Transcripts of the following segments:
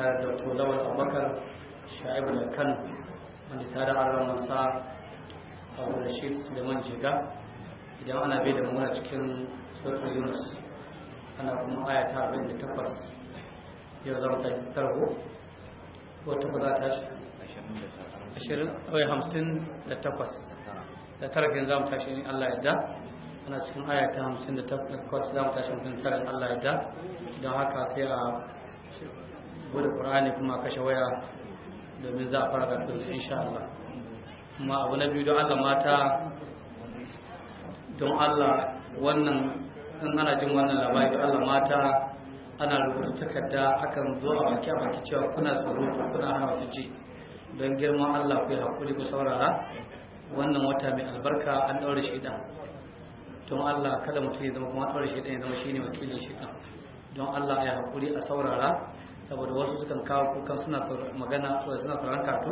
tare da dr lawal abubakar sha'ibu da kan wanda tare da arramansa abu da shi suleiman jiga idan ana bai da muna cikin suratul yunus ana kuma aya ta abin da tabbas yau za mu tashi tarho ko ta za ta shi ashirin ɗaya hamsin da takwas da tarakin za mu tashi in allah yadda ana cikin aya hamsin da takwas za mu tashi mutum tarin allah yadda don haka sai a bude qur'ani kuma kashe waya domin za a fara karatu insha Allah kuma abu na biyu don Allah mata don Allah wannan in ana jin wannan labari don Allah mata ana rubuta takarda akan zo a baki a baki cewa kuna tsoro kuna hana wasu ji don girman Allah ku yi haƙuri ku saurara wannan wata mai albarka an ɗaure shi ɗan don Allah kada mutum ya zama kuma ɗaure shi ɗan ya zama shi ne wakilin shi ɗan don Allah ya haƙuri a saurara saboda wasu sukan kawo kukan suna magana ko suna tsoron kartu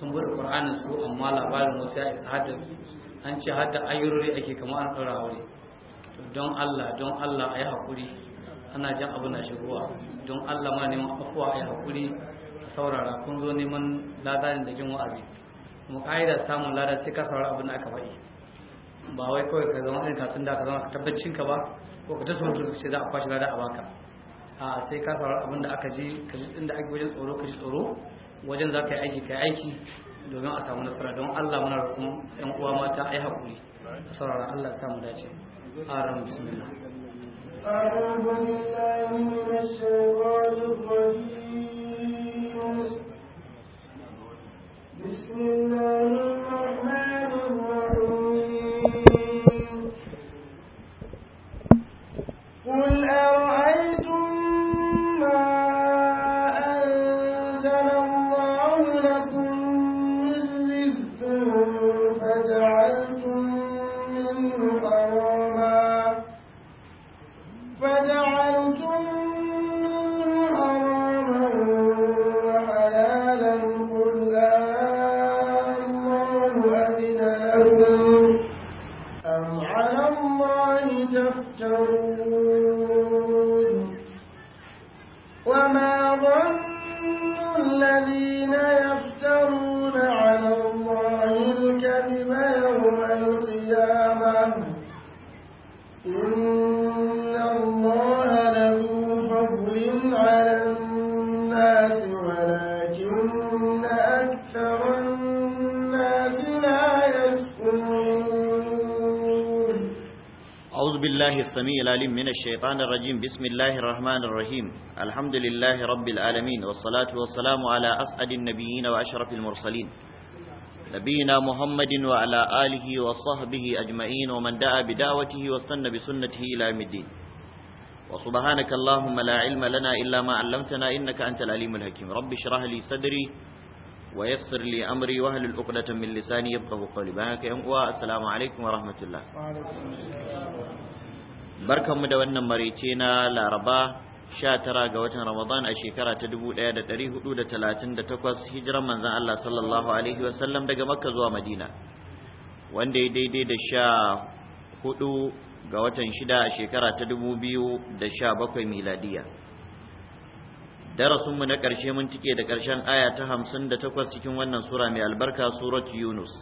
sun bude qur'anin su amma labarin wasu ya isa hadda an ce hadda ayyurori ake kama an ɗora aure don Allah don Allah a yi haƙuri ana jan abu na shigowa don Allah ma neman afuwa a yi haƙuri a saurara kun zo neman ladarin da jin wa'azi mu ka'ida samun lada sai ka saurara abin da aka faɗi ba wai kawai ka zama irin katun da ka zama ka tabbacin ka ba ko ka ta sun sai za a kwashi lada a baka sai ka saurari abin da aka ji ka ji inda ake wajen tsoro ka ji tsoro wajen za ka yi aiki ka yi aiki domin a samu nasara don Allah muna rukun 'yan uwa mata haƙuri hakuri saurara Allah ta mu dace ran bismillah أعوذ بالله من قل أرأيتم السميع العليم من الشيطان الرجيم بسم الله الرحمن الرحيم الحمد لله رب العالمين والصلاة والسلام على أسعد النبيين وأشرف المرسلين نبينا محمد وعلى آله وصحبه أجمعين ومن دعا بدعوته واستنى بسنته إلى يوم الدين وسبحانك اللهم لا علم لنا إلا ما علمتنا إنك أنت العليم الحكيم رب اشرح لي صدري ويسر لي أمري وهل الأقدة من لساني يبقى قولي بانك يا السلام عليكم ورحمة الله وعليكم السلام barkanmu da wannan marice na laraba sha tara ga watan ramadan a shekara ta 1438 hijiran manzan Allah sallallahu alaihi wasallam daga makka zuwa madina wanda ya daidai da sha hudu ga watan shida a shekara ta 2017 miladiya darasinmu na ƙarshe mun tike da ƙarshen aya ta hamsin da 58 cikin wannan sura mai albarka surat yunus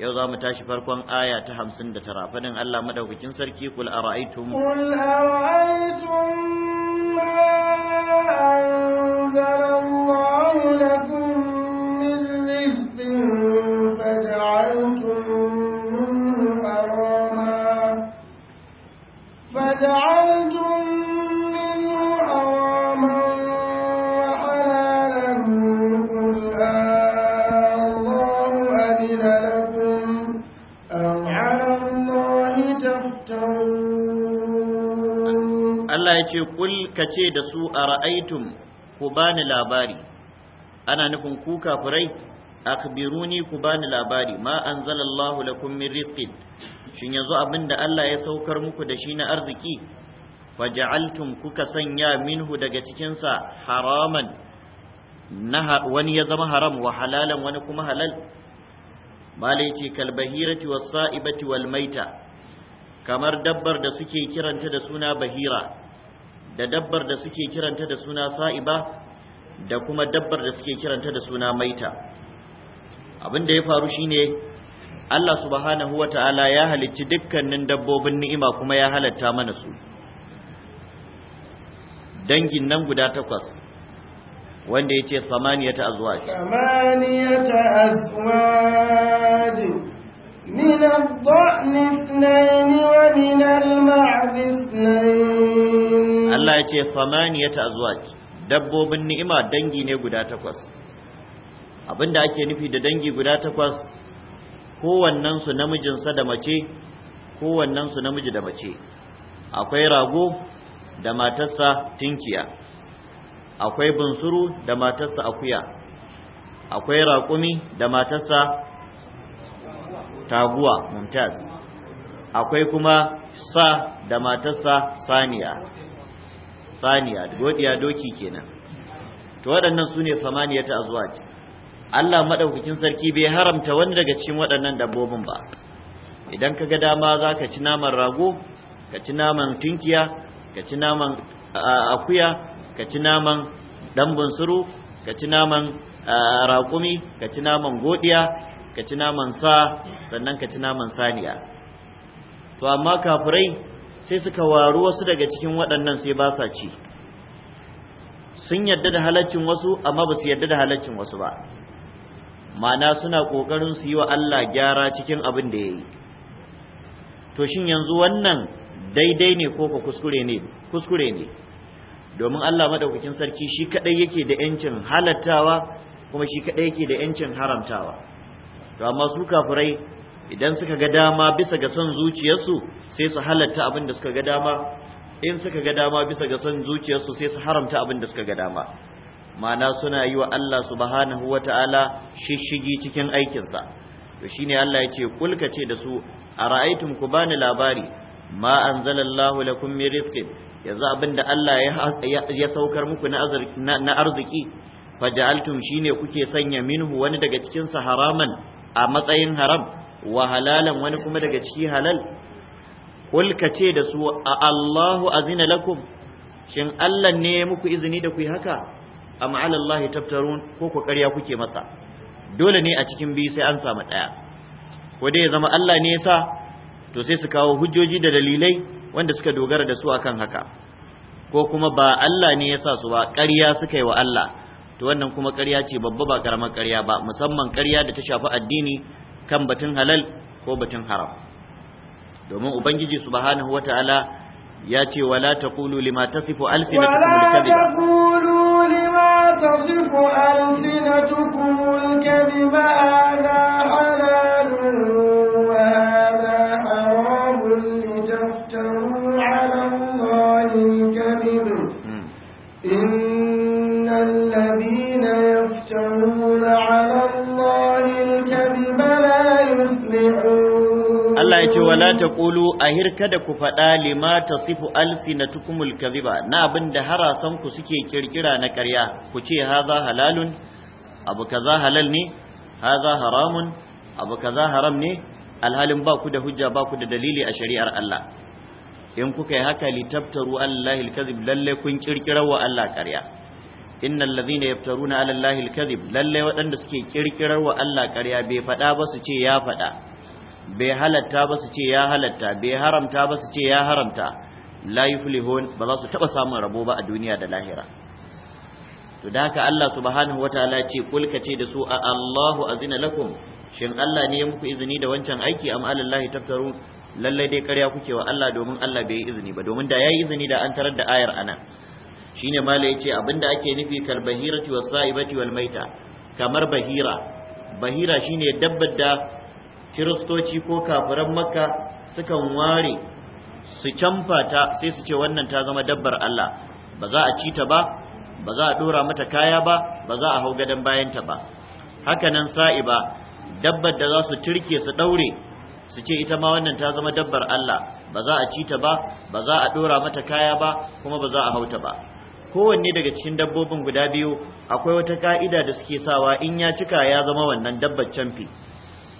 yau za mu tashi farkon aya ta hamsin da tara faɗin Allah maɗaukakin sarki kul ara'aytum kul ara'aytum ce kul ka ce da su a ra'aitum ku bani labari ana nufin ku kafirai akhbiruni ku bani labari ma anzalallahu lakum min rizqin shin yanzu abinda Allah ya saukar muku da shi na arziki faja'altum kuka sanya minhu daga cikin sa haraman na wani ya zama haram wa halalan wani kuma halal malai ce kalbahirati was sa'ibati wal maita kamar dabbar da suke kiranta da suna bahira da dabbar da suke kiranta da suna sa'iba da kuma dabbar da suke kiranta da suna maita abin da ya faru shine Allah subhanahu wata'ala ya halicci dukkanin dabbobin ni'ima kuma ya halatta mana su dangin nan guda takwas wanda ya ce samaniyata azwaj samaniyata azwaj allah ya ce ومن المعز اثنين الله يتي dabbobin ni'ima dangi ne guda takwas abinda ake nufi da dangi guda takwas kowannansu namijinsa da mace su namiji da mace akwai rago da matarsa tinkiya akwai bunsuru da matarsa akuya akwai raƙumi da matarsa taguwa mumtaz akwai kuma sa da matarsa saniya saniya godiya doki kenan to waɗannan su ne samaniyata azwaj Allah madaukakin sarki bai haramta wani daga cikin waɗannan dabbobin ba idan kaga dama za ka ci naman rago ka ci naman tunkiya ka ci naman akuya ka ci naman dambun suru ka ci naman raƙumi ka ci naman godiya ka ci naman sa sannan ka ci naman saniya to amma kafirai sai suka waru wasu daga cikin waɗannan sai ba sa ci sun yarda da halaccin wasu amma ba su yadda da halaccin wasu ba ma'ana suna ƙoƙarin su yi wa Allah gyara cikin abin da ya yi to shin yanzu wannan daidai ne ko kuskure ne kuskure ne domin Allah madaukakin sarki shi kadai yake da yancin halattawa kuma shi kadai yake da yancin haramtawa to amma su kafirai idan suka ga dama bisa ga son zuciyarsu sai su halatta abin da suka ga dama in suka ga dama bisa ga son zuciyarsu sai su haramta abin da suka ga dama ma'ana suna yi wa Allah subhanahu Ta'ala shishigi cikin aikinsa to shine Allah ya ce kulka ce da su ara'aytum ku bani labari ma anzalallahu lakum min rizqin yanzu da Allah ya saukar muku na arziki faja'altum shine kuke sanya minhu wani daga cikin sa haraman a matsayin haram wa halalan wani kuma daga ciki halal kulka ce da su a Allahu azina lakum shin Allah ne ya muku izini da ku yi haka amma ala Allah ko ku ƙarya kuke masa dole ne a cikin biyu sai an samu ɗaya ko dai ya zama Allah ne ya sa to sai su kawo hujjoji da dalilai wanda suka dogara da su akan haka ko kuma ba Allah ne ya sa su ba ƙarya suka yi wa Allah to wannan kuma ƙarya ce babba ba karamar ƙarya ba musamman ƙarya da ta shafi addini kan batun halal ko batun haram domin ubangiji subhanahu wataala ya ce wala taqulu lima tasifu alsinatukum alkadiba wala taqulu ahir da ku faɗa lima tasifu alsinatukumul kadhiba na abin da harasan ku suke kirkira na ƙarya ku ce haza halalun abu kaza halal ne haza haramun abu kaza haram ne alhalin ba ku da hujja ba ku da dalili a shari'ar Allah in kuka yi haka litabtaru alallahi alkazib lalle kun kirkira wa Allah ƙarya innal ladhina yaftaruna alallahi alkazib lalle waɗanda suke kirkirar wa Allah ƙarya bai faɗa ba su ce ya faɗa bai halatta ba su ce ya halatta bai haramta ba su ce ya haramta la yuflihun ba za su taba samun rabo ba a duniya da lahira to da haka Allah subhanahu wataala ce kul ce da su a Allahu azina lakum shin Allah ne ya muku izini da wancan aiki am alallahi tattaru? lallai dai ƙarya kuke wa Allah domin Allah bai yi izini ba domin da yayi izini da an tarar da ayar anan shine mala yace abinda ake nufi kan bahirati was sa'ibati maita kamar bahira bahira shine dabbar da kiristoci ko kafiran makka sukan ware su camfata sai su ce wannan ta zama dabbar Allah ba za a ci ba ba za a dora mata kaya ba ba za a hau gadon bayanta ba hakanan sa'iba dabbar da za su turke su daure su ce ita ma wannan ta zama dabbar Allah ba za a ci ba ba za a dora mata kaya ba kuma ba za a hauta ba kowanne daga cikin dabbobin guda biyu akwai wata ka'ida da suke sawa in ya cika ya zama wannan dabbar camfi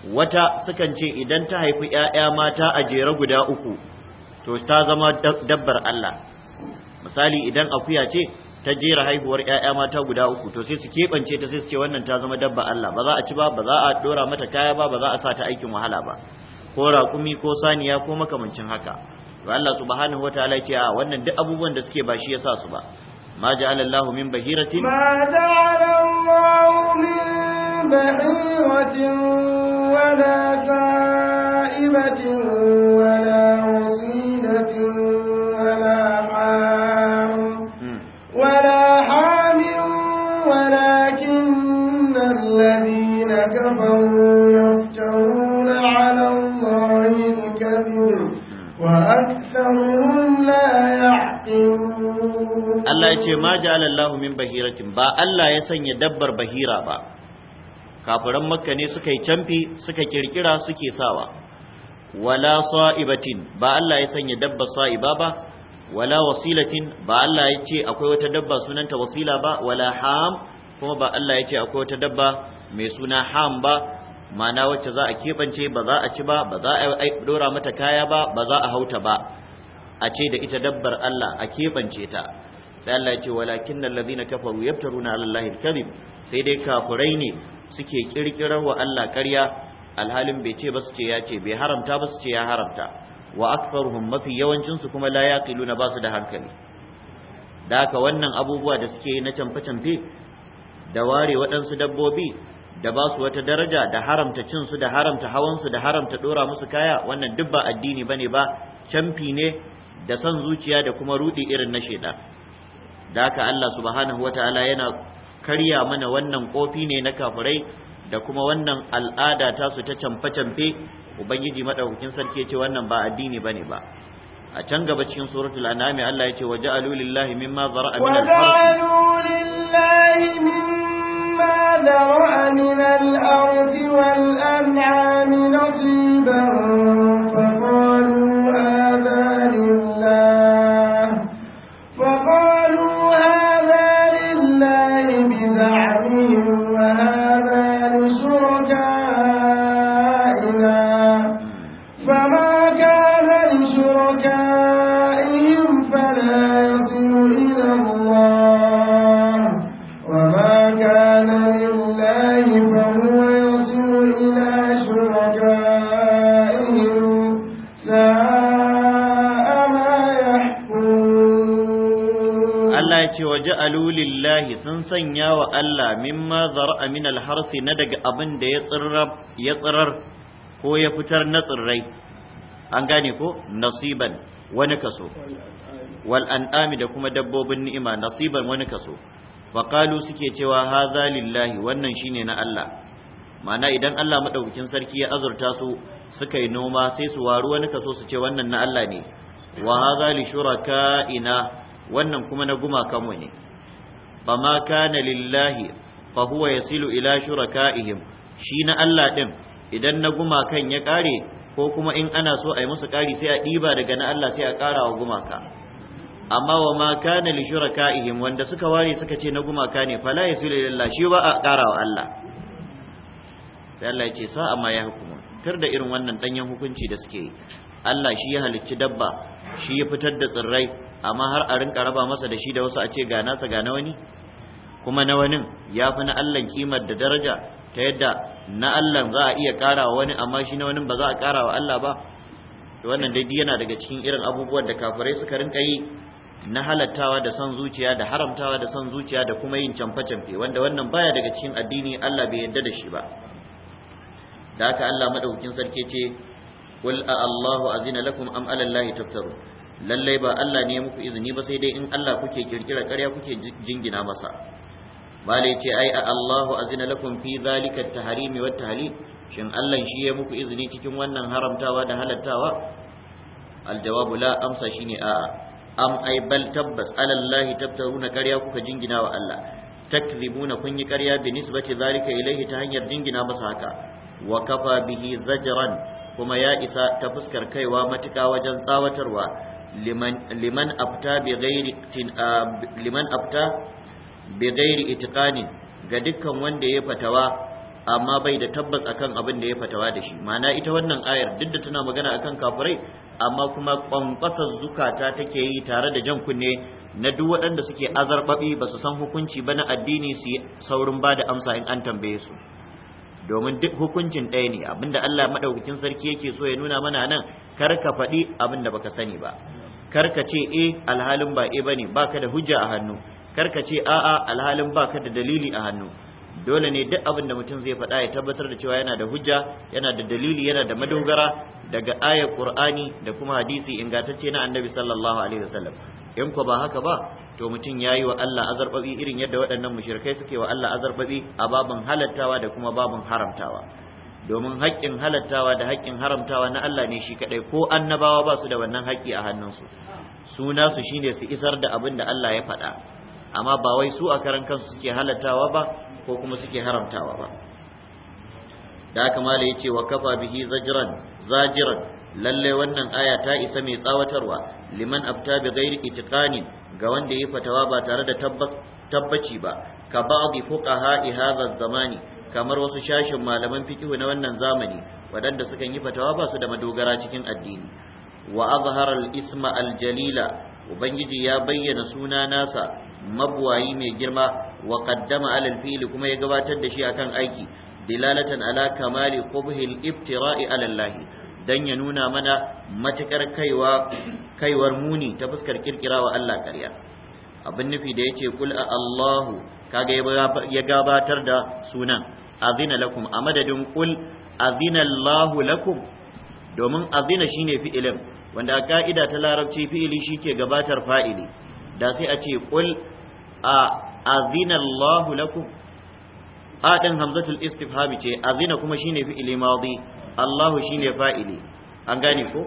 wata sukan ce idan ta haifi ‘ya'ya mata a jere guda uku to ta zama dabbar Allah misali idan akuya ce ta jera haihuwar ‘ya'ya mata guda uku to sai su keɓance ta sai su ce wannan ta zama dabba Allah ba za a ci ba ba za a ɗora mata kaya ba ba za a sa ta aikin wahala ba ko raƙumi ko saniya ko makamancin haka to Allah subhanahu wataala ce a wannan duk abubuwan da suke ba shi yasa su ba ma ja'ala Allah min bahiratin ma ja'ala min bahiratin ولا تائبة ولا وصيلة ولا حام ولا حام ولكن الذين كفروا يفترون على الله الكذب وأكثرهم لا يعقلون الله يقول ما جعل الله من بهيرة با الله يسن يدبر بهيرة با kafiran makka ne suka yi camfi suka kirkira suke sawa wala sa'ibatin ba Allah ya sanya dabba sa'iba ba wala wasilatin ba Allah ya ce akwai wata dabba sunanta wasila ba wala ham kuma ba Allah ya ce akwai wata dabba mai suna ham ba mana wacce za a keɓance ba za a ci ba ba za a dora mata kaya ba ba za a hauta ba a ce da ita dabbar Allah a keɓance ta sai Allah ya ce walakin allazina kafaru yaftaruna ala allahi alkazib sai dai kafurai ne suke kirkirar wa Allah ƙarya alhalin bai ce ba su ce ya ce bai haramta ba su ce ya haramta wa aktharuhum mafi yawancin su kuma la yaqiluna ba su da hankali da haka wannan abubuwa da suke na camfe camfe da ware waɗansu dabbobi da ba su wata daraja da haramta cin su da haramta hawansu da haramta dora musu kaya wannan duk ba addini bane ba camfi ne da san zuciya da kuma rudi irin na shaiɗa da haka Allah subhanahu wataala yana karya mana wannan kofi ne na kafirai da kuma wannan al'ada ta su ta camfe-camfe ubangiji madaukakin sarki ya ce wannan ba addini bane ba a can gaba cikin suratul an'am Allah ya ce waje alulillahi lillahi mimma zara'a min al-ardh mimma zara'a min al-ardh wal an'ami nasiban Allah mimma zar'a min alharsi na daga abin da ya tsirar ko ya fitar na tsirrai an gane ko nasiban wani kaso wal an'ami da kuma dabbobin ni'ima nasiban wani kaso fa suke cewa hadha lillahi wannan shine na Allah ma'ana idan Allah madaukakin sarki ya azurta su suka yi noma sai su waru wani kaso su ce wannan na Allah ne wa hadha li shuraka'ina wannan kuma na gumakanmu ne fama kana lillahi fa huwa yasilu ila shurakaihim shi na Allah din idan na gumakan ya kare ko kuma in ana so a yi musu kari sai a ɗiba daga na Allah sai a ƙara wa gumaka amma wa ma kana li shurakaihim wanda suka ware suka ce na gumaka ne fala yasilu ila shi ba a ƙara wa Allah sai Allah ya ce sa amma ya hukuma tar da irin wannan danyen hukunci da suke yi Allah shi ya halicci dabba shi ya fitar da tsirrai amma har a rinka raba masa da shi da wasu a ce ga nasa ga na wani kuma na wani ya fi na Allah kimar da daraja ta yadda na Allah za a iya ƙara wa wani amma shi na wani ba za a ƙara wa Allah ba wannan dai yana daga cikin irin abubuwan da kafirai suka rinka yi na halattawa da son zuciya da haramtawa da son zuciya da kuma yin camfe-camfe wanda wannan baya daga cikin addini Allah bai yarda da shi ba da haka Allah madaukin sarki ce qul a Allahu azina lakum am ala lallai ba Allah ne ya muku izini ba sai dai in Allah kuke kirkira ƙarya kuke jingina masa malai ce ai a Allahu azina lakum fi zalika at-tahrimi wat tahlil shin Allah shi ya muku izini cikin wannan haramtawa da halattawa aljawabu la amsa shine a'a am ai bal tabbas alallahi tabtaruna ƙarya kuka jingina wa Allah takdhibuna kun yi ƙarya bi nisbati zalika ilaihi ta hanyar jingina masa haka wa kafa bihi zajran kuma ya isa ta fuskar kaiwa matuƙa wajen tsawatarwa liman afta bi ghairi ah, liman ga dukkan wanda ya fatawa amma bai da tabbas akan abin da ya fatawa da shi mana ita wannan ayar duk da tana magana akan kafirai amma kuma kwamfasar zukata take yi tare da jan kunne na duk waɗanda suke azarbabi ba su san hukunci ba na addini su yi saurin ba da amsa in an tambaye su domin duk hukuncin ɗaya ne abinda Allah maɗaukacin sarki yake so ya nuna mana nan kar ka faɗi abinda baka sani ba kar ka ce e alhalin ba eh ne. bane baka da hujja a hannu kar ka ce a'a alhalin baka da dalili a hannu dole ne duk abin da mutum zai faɗa ya tabbatar da cewa yana da hujja yana da dalili yana da madogara daga ayar qur'ani da kuma hadisi ingantacce na annabi sallallahu alaihi wasallam in ko ba haka ba to mutum yayi wa Allah azarbabi irin yadda waɗannan mushrikai suke wa Allah azarbabi a babin halattawa da kuma babin haramtawa domin haƙƙin halattawa da haƙƙin haramtawa na Allah ne shi kaɗai ko annabawa ba su da wannan haƙƙi a hannunsu suna su shine su isar da abin da Allah ya faɗa amma ba wai su a karan kansu suke halattawa ba ko kuma suke haramtawa ba da haka ya yace wa kafa bihi zajran zajiran lalle wannan aya ta isa mai tsawatarwa liman abta bi ghairi itiqanin ga wanda yi fatawa ba tare da tabbaci ba ka ba'dhi fuqaha hadha zamani kamar wasu shashin malaman fikihu na wannan zamani wadanda suka yi fatawa ba su da madogara cikin addini wa azhara al isma al jalila ubangiji ya bayyana suna nasa mabwayi mai girma wa qaddama alal fili kuma ya gabatar da shi akan aiki dilalatan ala kamali qubhi al iftira'i ala allahi dan ya nuna mana matukar kaiwar muni ta fuskar kirkira wa Allah ƙarya abin nufi da yake kul a Allahu kaga ya gabatar da sunan azina lakum a madadin kul azina Allahu lakum domin azina shine fi'ilin wanda a ka'ida ta larabci fi'ili shike gabatar fa'ili da sai a ce kul a azina Allahu lakum a din hamzatul istifhami ce azina kuma shine fi'ili madi Allahu shine fa'ili an gane ko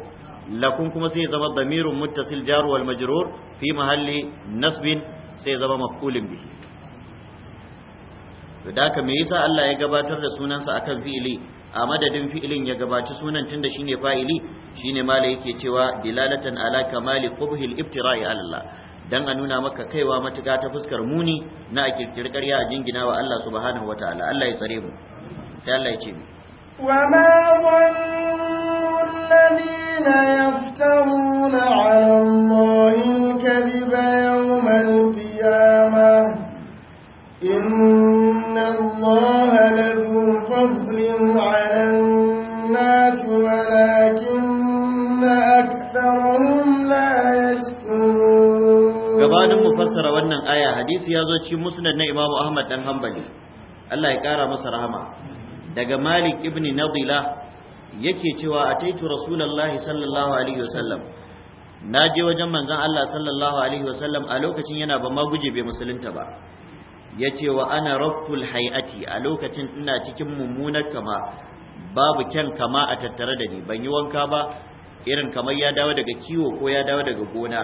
lakun kuma sai zama damirun muttasil jar wal majrur fi mahalli nasbin sai zama maf'ulin bihi to da ka me yasa Allah ya gabatar da sunansa akan fi'ili a madadin fi'ilin ya gabaci sunan tunda shine fa'ili shine mala yake cewa dilalatan ala kamali qubhil iftira'i ala Allah dan a nuna maka kaiwa matuka ta fuskar muni na kirkirkar ya jingina wa Allah subhanahu ta'ala. Allah ya tsare mu sai Allah ya ce mu وما ظن الذين يفترون على الله الكذب يوم القيامة إن الله لذو فضل على الناس ولكن أكثرهم لا يشكرون gabanin mu fassara wannan aya hadisi ya zo cikin musnad na Imam Ahmad dan Hanbali Allah ya kara masa rahama daga malik ibn nadila yake cewa ataitu rasulullahi sallallahu alaihi wasallam na je wajen manzon Allah sallallahu alaihi wasallam a lokacin yana ba maguje bai musulunta ba yace wa ana rafful hayati a lokacin ina cikin mummunar kama babu kyan kama a tattare da ni ban yi wanka ba irin kamar ya dawo daga kiwo ko ya dawo daga gona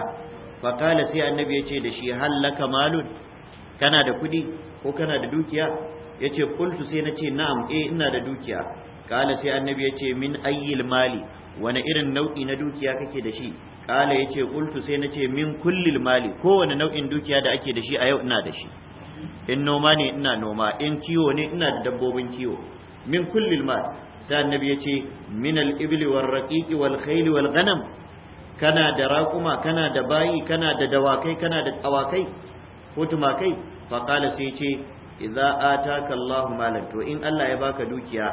fakala sai annabi ya ce da shi hallaka malun kana da kudi ko kana da dukiya Ya ce, kultu sai na ce na'am eh ina da dukiya kala sai annabi ya ce, min ayyil mali wani irin nau'i na dukiya kake da shi kala ya ce, kultu sai na ce, min kullil mali kowane nau'in dukiya da ake da shi a yau ina da shi in noma ne ina noma in kiwo ne ina da dabbobin kiwo min kullil mali. sai annabi ya ce, min al ibli war raqiqi wal khayl wal ghanam kana da raƙuma kana da bayi kana da dawakai kana da tsawakai, ko tumakai fa kala sai ce idza ataka Allah malan to in Allah ya baka dukiya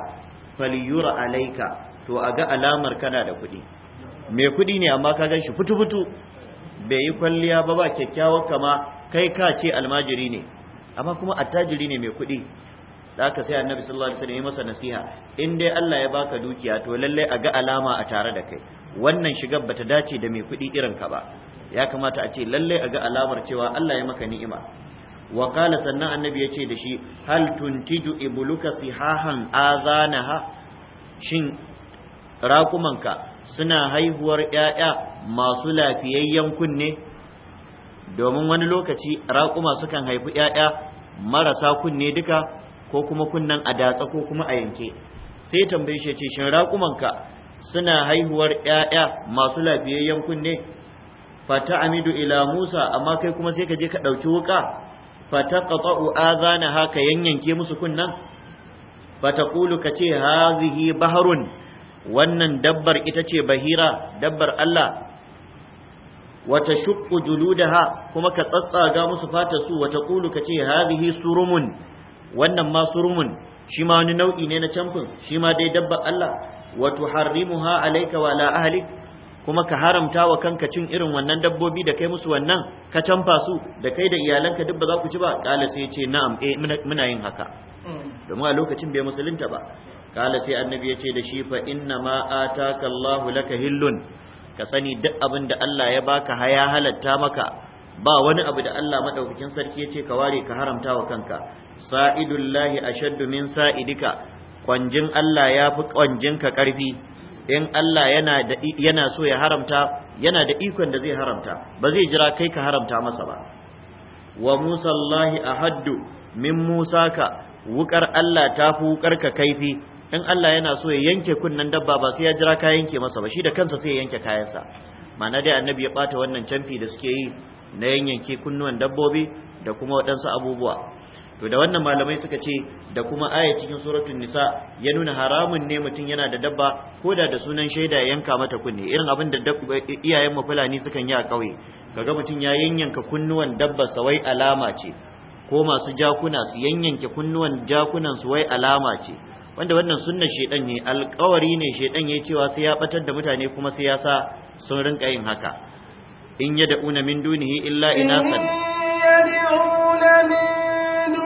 falyura alayka to a ga alamar kana da kuɗi me kuɗi ne amma ka ganshi, shi fitu bai yi kwalliya ba ba kyakkyawar kama kai ka ce almajiri ne amma kuma attajiri ne mai kuɗi da aka sai annabi sallallahu alaihi wasallam ya masa nasiha in dai Allah ya baka dukiya to lalle a ga alama a tare da kai wannan shigar bata dace da mai kuɗi irin ka ba ya kamata a ce lalle a ga alamar cewa Allah ya maka ni'ima wa sannan annabi yace da shi hal tuntiju ibluka sihahan ha. shin raƙumanka suna haihuwar 'ya'ya masu lafiyayyen kunne domin wani lokaci raƙuma sukan haifi 'ya'ya marasa kunne duka ko kuma kunnan a datsa ko kuma a yanke sai tambayi shi ce shin raƙumanka suna haihuwar 'ya'ya masu lafiyayyen kunne fata amidu ila musa amma kai kuma sai ka je ka ɗauki wuka fataqta'u azana haka yanyanke musu kunnan fataqulu kace hazihi baharun wannan dabbar ita ce bahira dabbar Allah wata da ha, kuma ka tsatsaga musu fata su wata kulu ka ce hadhihi surumun wannan ma surumun shi ma nau'i ne na camfin shima dai dabbar Allah wa tuharrimuha alayka wa ala ahlik kuma ka haramta wa kanka cin irin wannan dabbobi da kai musu wannan ka canfa su da kai da iyalanka duk ba za ku ci ba kala sai ce na'am eh muna yin haka domin a lokacin bai musulunta ba kala sai annabi ya ce da shi fa inna ma ataka Allahu laka hillun ka sani duk abin da Allah ya baka haya halatta maka ba wani abu da Allah madaukakin sarki ya ce ka ware ka haramta wa kanka sa'idullahi ashaddu min sa'idika kwanjin Allah ya fi kwanjinka karfi in Allah yana so ya haramta yana da ikon da zai haramta ba zai jira kai ka haramta masa ba wa Musa Allahi haddu min Musa ka wukar Allah ta fi wukar ka kaifi in Allah yana so ya yanke kunnen dabba ba sai ya jira ka yanke masa ba shi da kansa sai ya yanke kayansa ma'ana dai annabi ya bata wannan camfi da suke yi na yanyanke kunnuwan dabbobi da kuma waɗansu abubuwa to da wannan malamai suka ce da kuma aya cikin suratul nisa ya nuna haramun ne mutum yana da dabba ko da da sunan shaida yanka mata kunne irin abin da iyayen mu fulani sukan yi a kauye kaga mutum ya yanyanka kunnuwan dabba sawai alama ce ko masu jakuna su yanyanke kunnuwan jakunan su wai alama ce wanda wannan sunnar shedan ne alƙawari ne shedan ya cewa sai ya batar da mutane kuma sai ya sa sun rinka yin haka in yad'una min dunihi illa inasan yad'una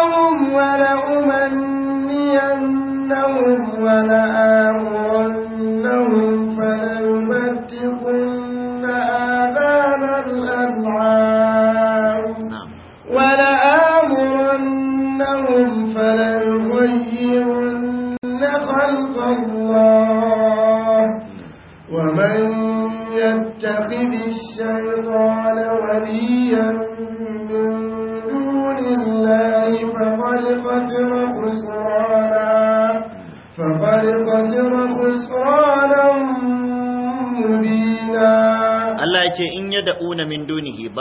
لهم ولأمنينهم ولآمرنهم فليمتقن آذان الأنعام نعم. ولآمرنهم فليمتقن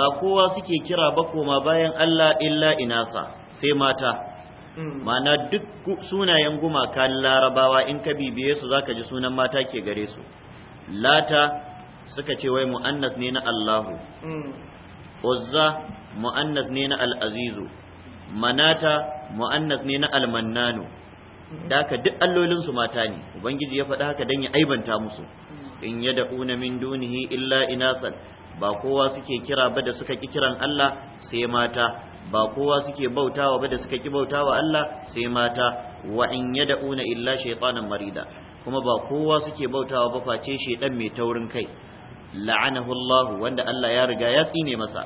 ba kowa suke kira ba koma bayan Allah illa inasa sai mata mm. ma'ana duk sunayen gumaka larabawa in ka bibiye su zaka ji sunan mata ke gare su lata suka ce wai mu'annas ne na Allahu mm. uzza mu'annas ne na al'azizu manata mu'annas ne na almannanu da duk allolin su mata ne ubangiji ya faɗa haka dan ya aibanta musu mm. in yad'una min dunihi illa inasan ba kowa suke kira ba da suka ki kiran Allah sai mata ba kowa suke bautawa ba da suka ki bautawa Allah sai mata wa in yad'una illa shaytanan marida kuma ba kowa suke bautawa ba face shedan mai taurin kai la'anahu Allah wanda Allah ya riga ya tsine masa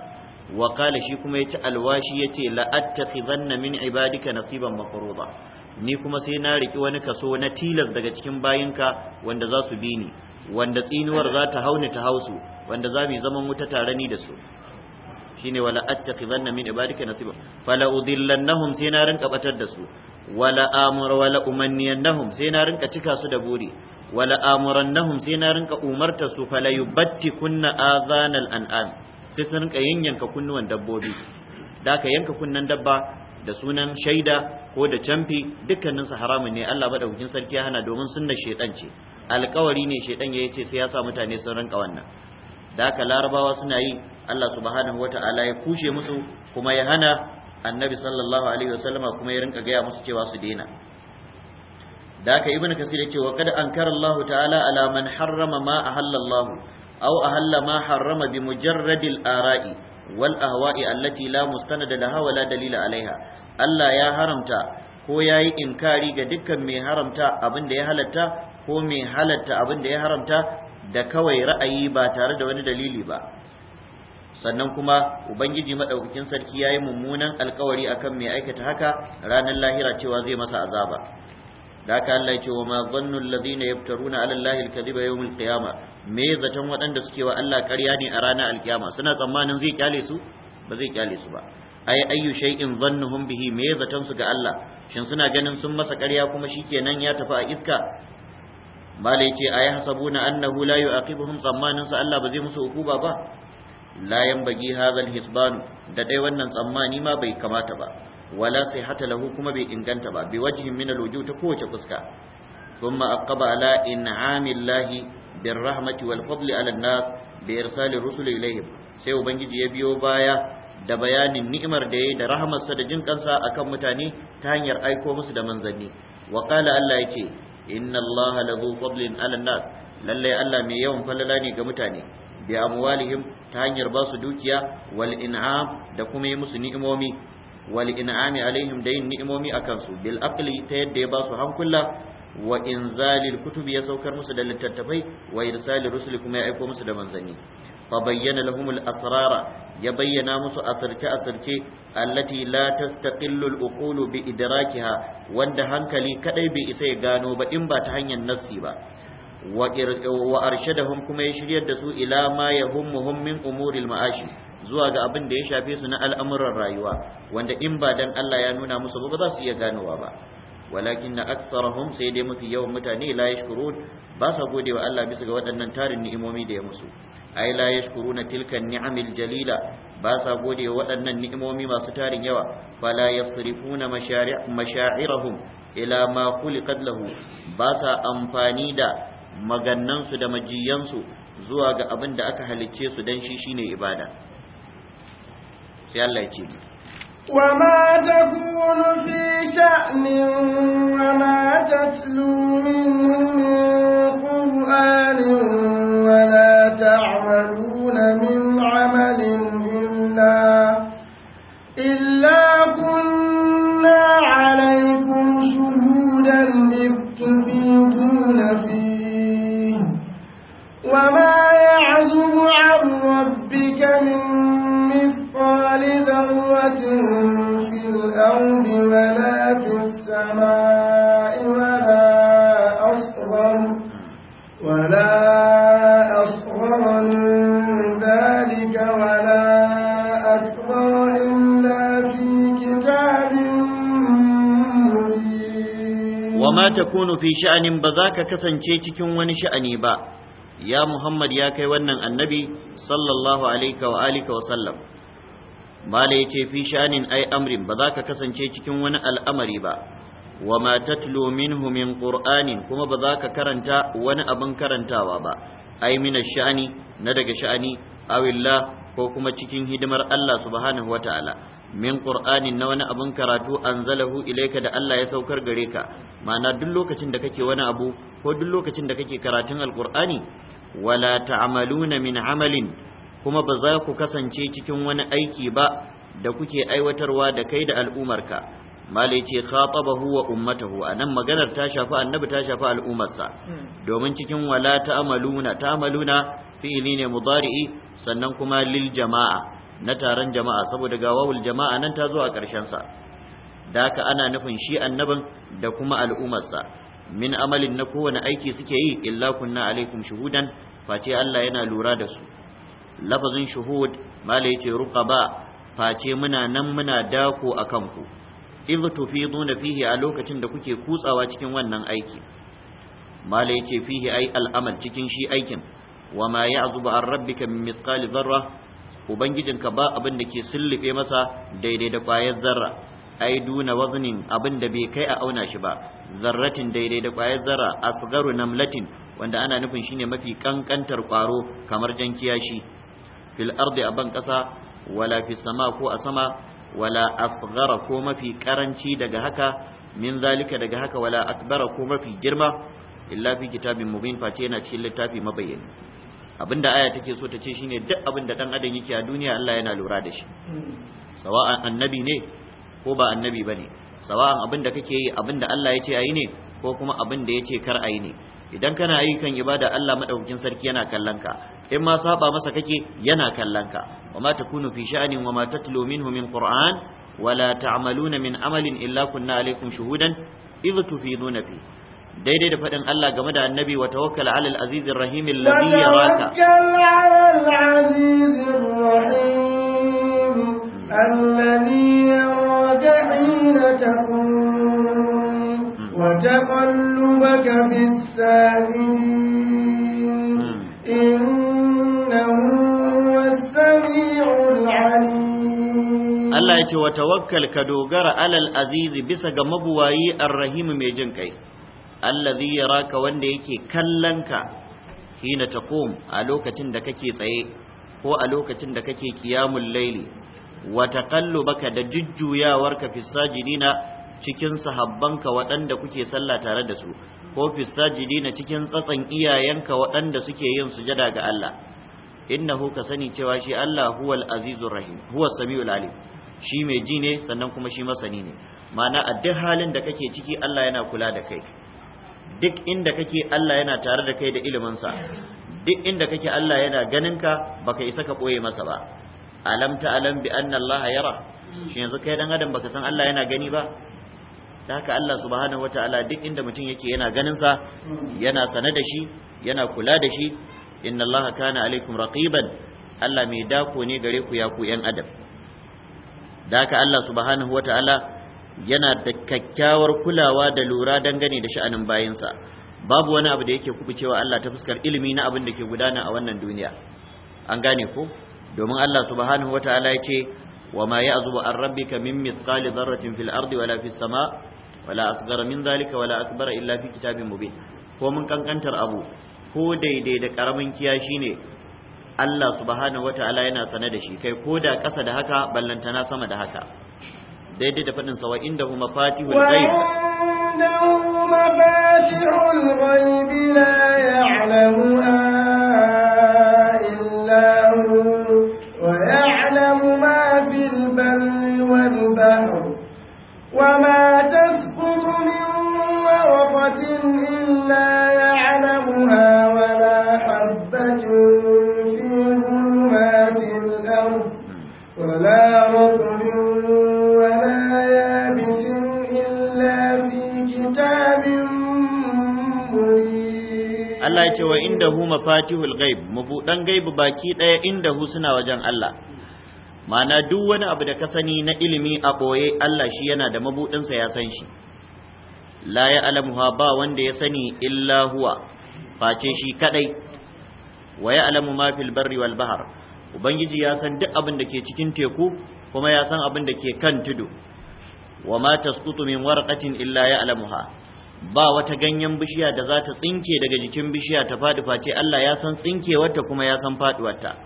wa qala shi kuma yace alwashi yace la attakhidanna min ibadika nasiban mafruḍa ni kuma sai na riki wani kaso na tilas daga cikin bayinka wanda za su bi ni wanda tsinuwar za ta hauni ta hausu wanda za mu zaman wuta tare ni da su shine wala attaqibanna min ibadika nasiba fala udillannahum sai na rinka batar da su wala amur wala umanniyannahum sai na rinka cika su da buri wala amurannahum sai na rinka umarta su fala yubattikunna azanal an'am sai su rinka ka kunnuwan dabbobi da ka yanka kunnan dabba da sunan shaida ko da camfi dukkaninsu haramun ne Allah hukuncin sarki ya hana domin sunnar shedan ce alkawari ne shedan ya ce sai ya sa mutane sun ranka wannan da haka larabawa suna yi Allah subhanahu wata'ala ya kushe musu kuma ya hana annabi sallallahu alaihi wasallama kuma ya rinka gaya musu cewa su daina da haka ibnu kasir ya ce wa kad ankara Allah ta'ala ala man harrama ma ahalla Allah aw ahalla ma harrama bi mujarradil ara'i wal ahwa'i allati la mustanada laha wa la dalila alaiha Allah ya haramta ko ya yi inkari ga dukkan mai haramta abin da ya halatta ko mai halatta abin da ya haramta da kawai ra'ayi ba tare da wani dalili ba sannan kuma ubangiji madaukakin sarki ya yi mummunan alkawari akan mai aikata haka ranar lahira cewa zai masa azaba da haka Allah ce wa ma zannu yaftaruna ala allahi alkadhiba yawm alqiyama me zaton waɗanda suke wa Allah ƙarya ne a ranar alkiyama suna tsammanin zai kyale su ba zai kyale su ba ai ayyu shay'in zannuhum bihi me zaton su ga Allah shin suna ganin sun masa ƙarya kuma shikenan ya tafi a iska malai ce a yahsabuna annahu la yu'aqibuhum tsammanin sa Allah ba zai musu hukuma ba layan bagi hazal hisbanu da dai wannan tsammani ma bai kamata ba wala sai hata lahu kuma bai inganta ba bi wajihin min alwujuh ta kowace fuska thumma aqaba ala bin rahmati wal fadli ala nas bi irsali rusul ilayhim sai ubangiji ya biyo baya da bayanin ni'imar da yayi da rahamarsa da jin kansa akan mutane ta hanyar aiko musu da manzanni wa qala Allah yace inna allaha lahu fadlin ala nas lalle Allah mai yawan falala ne ga mutane bi amwalihim ta hanyar ba su dukiya wal in'am da kuma yi musu ni'imomi wal in'ami alaihim da yin ni'imomi akan su bil aqli ta yadda ya ba su hankula wa inzalil kutubi ya saukar musu da littattafai wa irsalir rusuli kuma ya aiko musu da manzanni fa bayyana lahumul asrara ya bayyana musu a sirce-sirce, asirce allati la tastaqillu al bi idrakiha wanda hankali kaɗai bai isa ya gano ba in ba ta hanyar nassi ba wa da kuma ya shiryar da su ila ma yahummuhum min umuril ma'ashi zuwa ga abin da ya shafe su na al'amuran rayuwa wanda in ba dan Allah ya nuna musu ba ba za su iya ganowa ba walakin na aksarahum sai dai mafi yawan mutane la yashkurun ba sa gode wa Allah bisa ga waɗannan tarin ni'imomi da ya musu ai la na tilkan ni'amil jalila ba sa gode wa waɗannan ni'imomi masu tarin yawa fala yasrifuna mashaa'irahum ila ma khuliqat ba sa amfani da magannansu da majiyansu zuwa ga abin da aka halicce su dan shi shine ibada sai Allah ya ce وما تكون في شأن وما تتلو منه من قرآن ولا تعملون من عمل إلا إلا كنا عليكم شهودا إذ تفيضون فيه وما يعزب عن ربك من مثقال ذرة في الأرض ولا في السماء ولا أصغر ولا أصغر من ذلك ولا أكبر إلا في كتاب مبين وما تكون في شأن بذاك كسن شيء ونشأني با ya Muhammad ya kai wannan annabi sallallahu alaihi wa alihi wa sallam mala yace fi shanin ai amrin ba za ka kasance cikin wani al'amari ba wa ma tatlu minhu min qur'anin kuma ba za ka karanta wani abin karantawa ba ai min sha'ani na daga sha'ani awillah ko kuma cikin hidimar Allah subhanahu wataala min qur'anin na wani abin karatu anzalahu ilayka da Allah ya saukar gare ka ma'ana duk lokacin da kake wani abu ko duk lokacin da kake karatun alqur'ani wala ta'maluna min amalin kuma ba za ku kasance cikin wani aiki ba da kuke aiwatarwa da kai da al'umarka malai ce khatabahu wa ummatahu anan maganar ta shafi annabi ta shafi al'umarsa hmm. domin cikin wala ta'maluna ta'maluna fi'ili ne mudari'i sannan kuma lil jama'a na taron jama'a saboda ga wawul jama'a nan ta zo a ƙarshen sa da ka ana nufin shi annabin da kuma al'umarsa min amalin na kowane aiki suke yi illa kunna alaikum shuhudan face Allah yana lura da su lafazin shuhud mala yace ruqaba face muna nan muna dako akan ku idh tufiduna fihi a lokacin da kuke kutsawa cikin wannan aiki mala yace fihi ai al'amal cikin shi aikin wa ma ya'zubu an rabbika min mithqali dharra ka ba abin da ke sulluɓe masa daidai da kwayar zarra ai duna waznin abin da bai kai a auna shi ba zarratin daidai da kwayar zarra asgaru namlatin wanda ana nufin shine mafi kankantar kwaro kamar jan kiyashi fil ardi a ban ƙasa wala fi sama ko a sama wala asghara ko mafi karanci daga haka min zalika daga haka wala akbara ko mafi girma illa fi kitabin mubin face yana cikin littafi mabayyani abinda aya take so ta ce shine duk abin dan adam yake a duniya Allah yana lura da shi sawa'an annabi ne ko ba annabi bane sawa'an abin kake yi abinda Allah ya ce ayi ne ko kuma abinda da ya ce kar ayi ne idan kana ayyukan ibada Allah madaukakin sarki yana kallon ka in ma saba masa kake yana kallon ka wama takunu fi sha'anin wama tatlu minhu min qur'an wala ta'maluna min amalin illa kunna alaikum shuhudan idh tufiduna fi daidai da fadin Allah game da annabi wa tawakkal 'ala al-aziz ar-rahim alladhi yaraka وتقلبك في الساجدين Allah ya ce wa tawakkal ka dogara alal azizi bisa ga mabuwayi arrahim mai jin kai Allah zai yara ka wanda yake kallon ka hina kom a lokacin da kake tsaye ko a lokacin da kake kiyamun laili wata kallo baka da jujjuyawar ka fisajidina cikin sahabbanka waɗanda kuke sallah tare da su ko fisajidina cikin tsatsan iyayenka waɗanda suke yin sujada ga Allah innahu ka sani cewa shi Allah huwal azizur rahim huwa samiul alim shi mai ji ne sannan kuma shi masani ne ma'ana a duk halin da kake ciki Allah yana kula da kai duk inda kake Allah yana tare da kai da ilimin sa duk inda kake Allah yana ganin ka baka isa ka boye masa ba alam ta alam bi anna Allah yara shi yanzu kai dan adam baka san Allah yana gani ba Da haka Allah subhanahu wataala duk inda mutum yake yana ganin sa yana sane da shi yana kula da shi inna allaha kana alaikum raqiban Allah mai dako ne gare ku ya ku yan adam da haka Allah subhanahu wataala yana da kyakkyawar kulawa da lura dangane da sha'anin bayinsa babu wani abu da yake kubucewa Allah ta fuskar ilimi na abin da ke gudana a wannan duniya an gane ku. domin Allah subhanahu wataala ya ce wa ma ya'zubu an rabbika min mithqali dharratin fil ardi wala fis sama' wala asghara min dhalika wala akbara illa fi kitabin mubin ko mun kankantar abu ko daidai da karamin kiyashi ne Allah subhanahu wata'ala yana sane da shi kai ko da ƙasa da haka ballantana sama da haka daidai da faɗin sawa inda huma fatihul ghaib illa wa ma وما تسقط من ورقة إلا يعلمها في ظلمات الأرض ولا رطب ولا يابس إلا في كتاب مبين hu ɗaya suna wajen Allah ma'ana duk wani abu da ka sani na ilimi a ɓoye Allah shi yana da mabuɗinsa ya san shi la ya alamuha ba wanda ya sani illa huwa face shi kadai wa ya'lamu ma fil barri wal bahr ubangiji ya san duk abin da ke cikin teku kuma ya san abin da ke kan tudu wa ma tasqutu min warqatin illa ya'lamuha ba wata ganyen bishiya da za ta tsinke daga jikin bishiya ta fadi face Allah ya san tsinkewarta kuma ya san faduwarta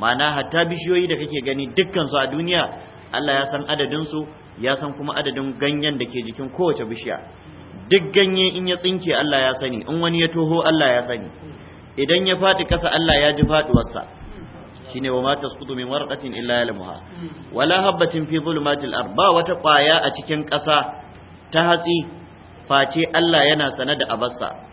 ma'ana hatta bishiyoyi da kake gani dukkan su a duniya Allah ya san adadin su ya san kuma adadin ganyen da ke jikin kowace bishiya duk ganye in ya tsinke Allah ya sani in wani ya toho Allah ya sani idan ya faɗi kasa Allah ya ji faɗuwarsa shine wa ma tasqutu min warqatin illa yalmuha wala habatin fi zulumatil ard ba wata ƙwaya a cikin ƙasa ta hatsi face Allah yana sanada da abarsa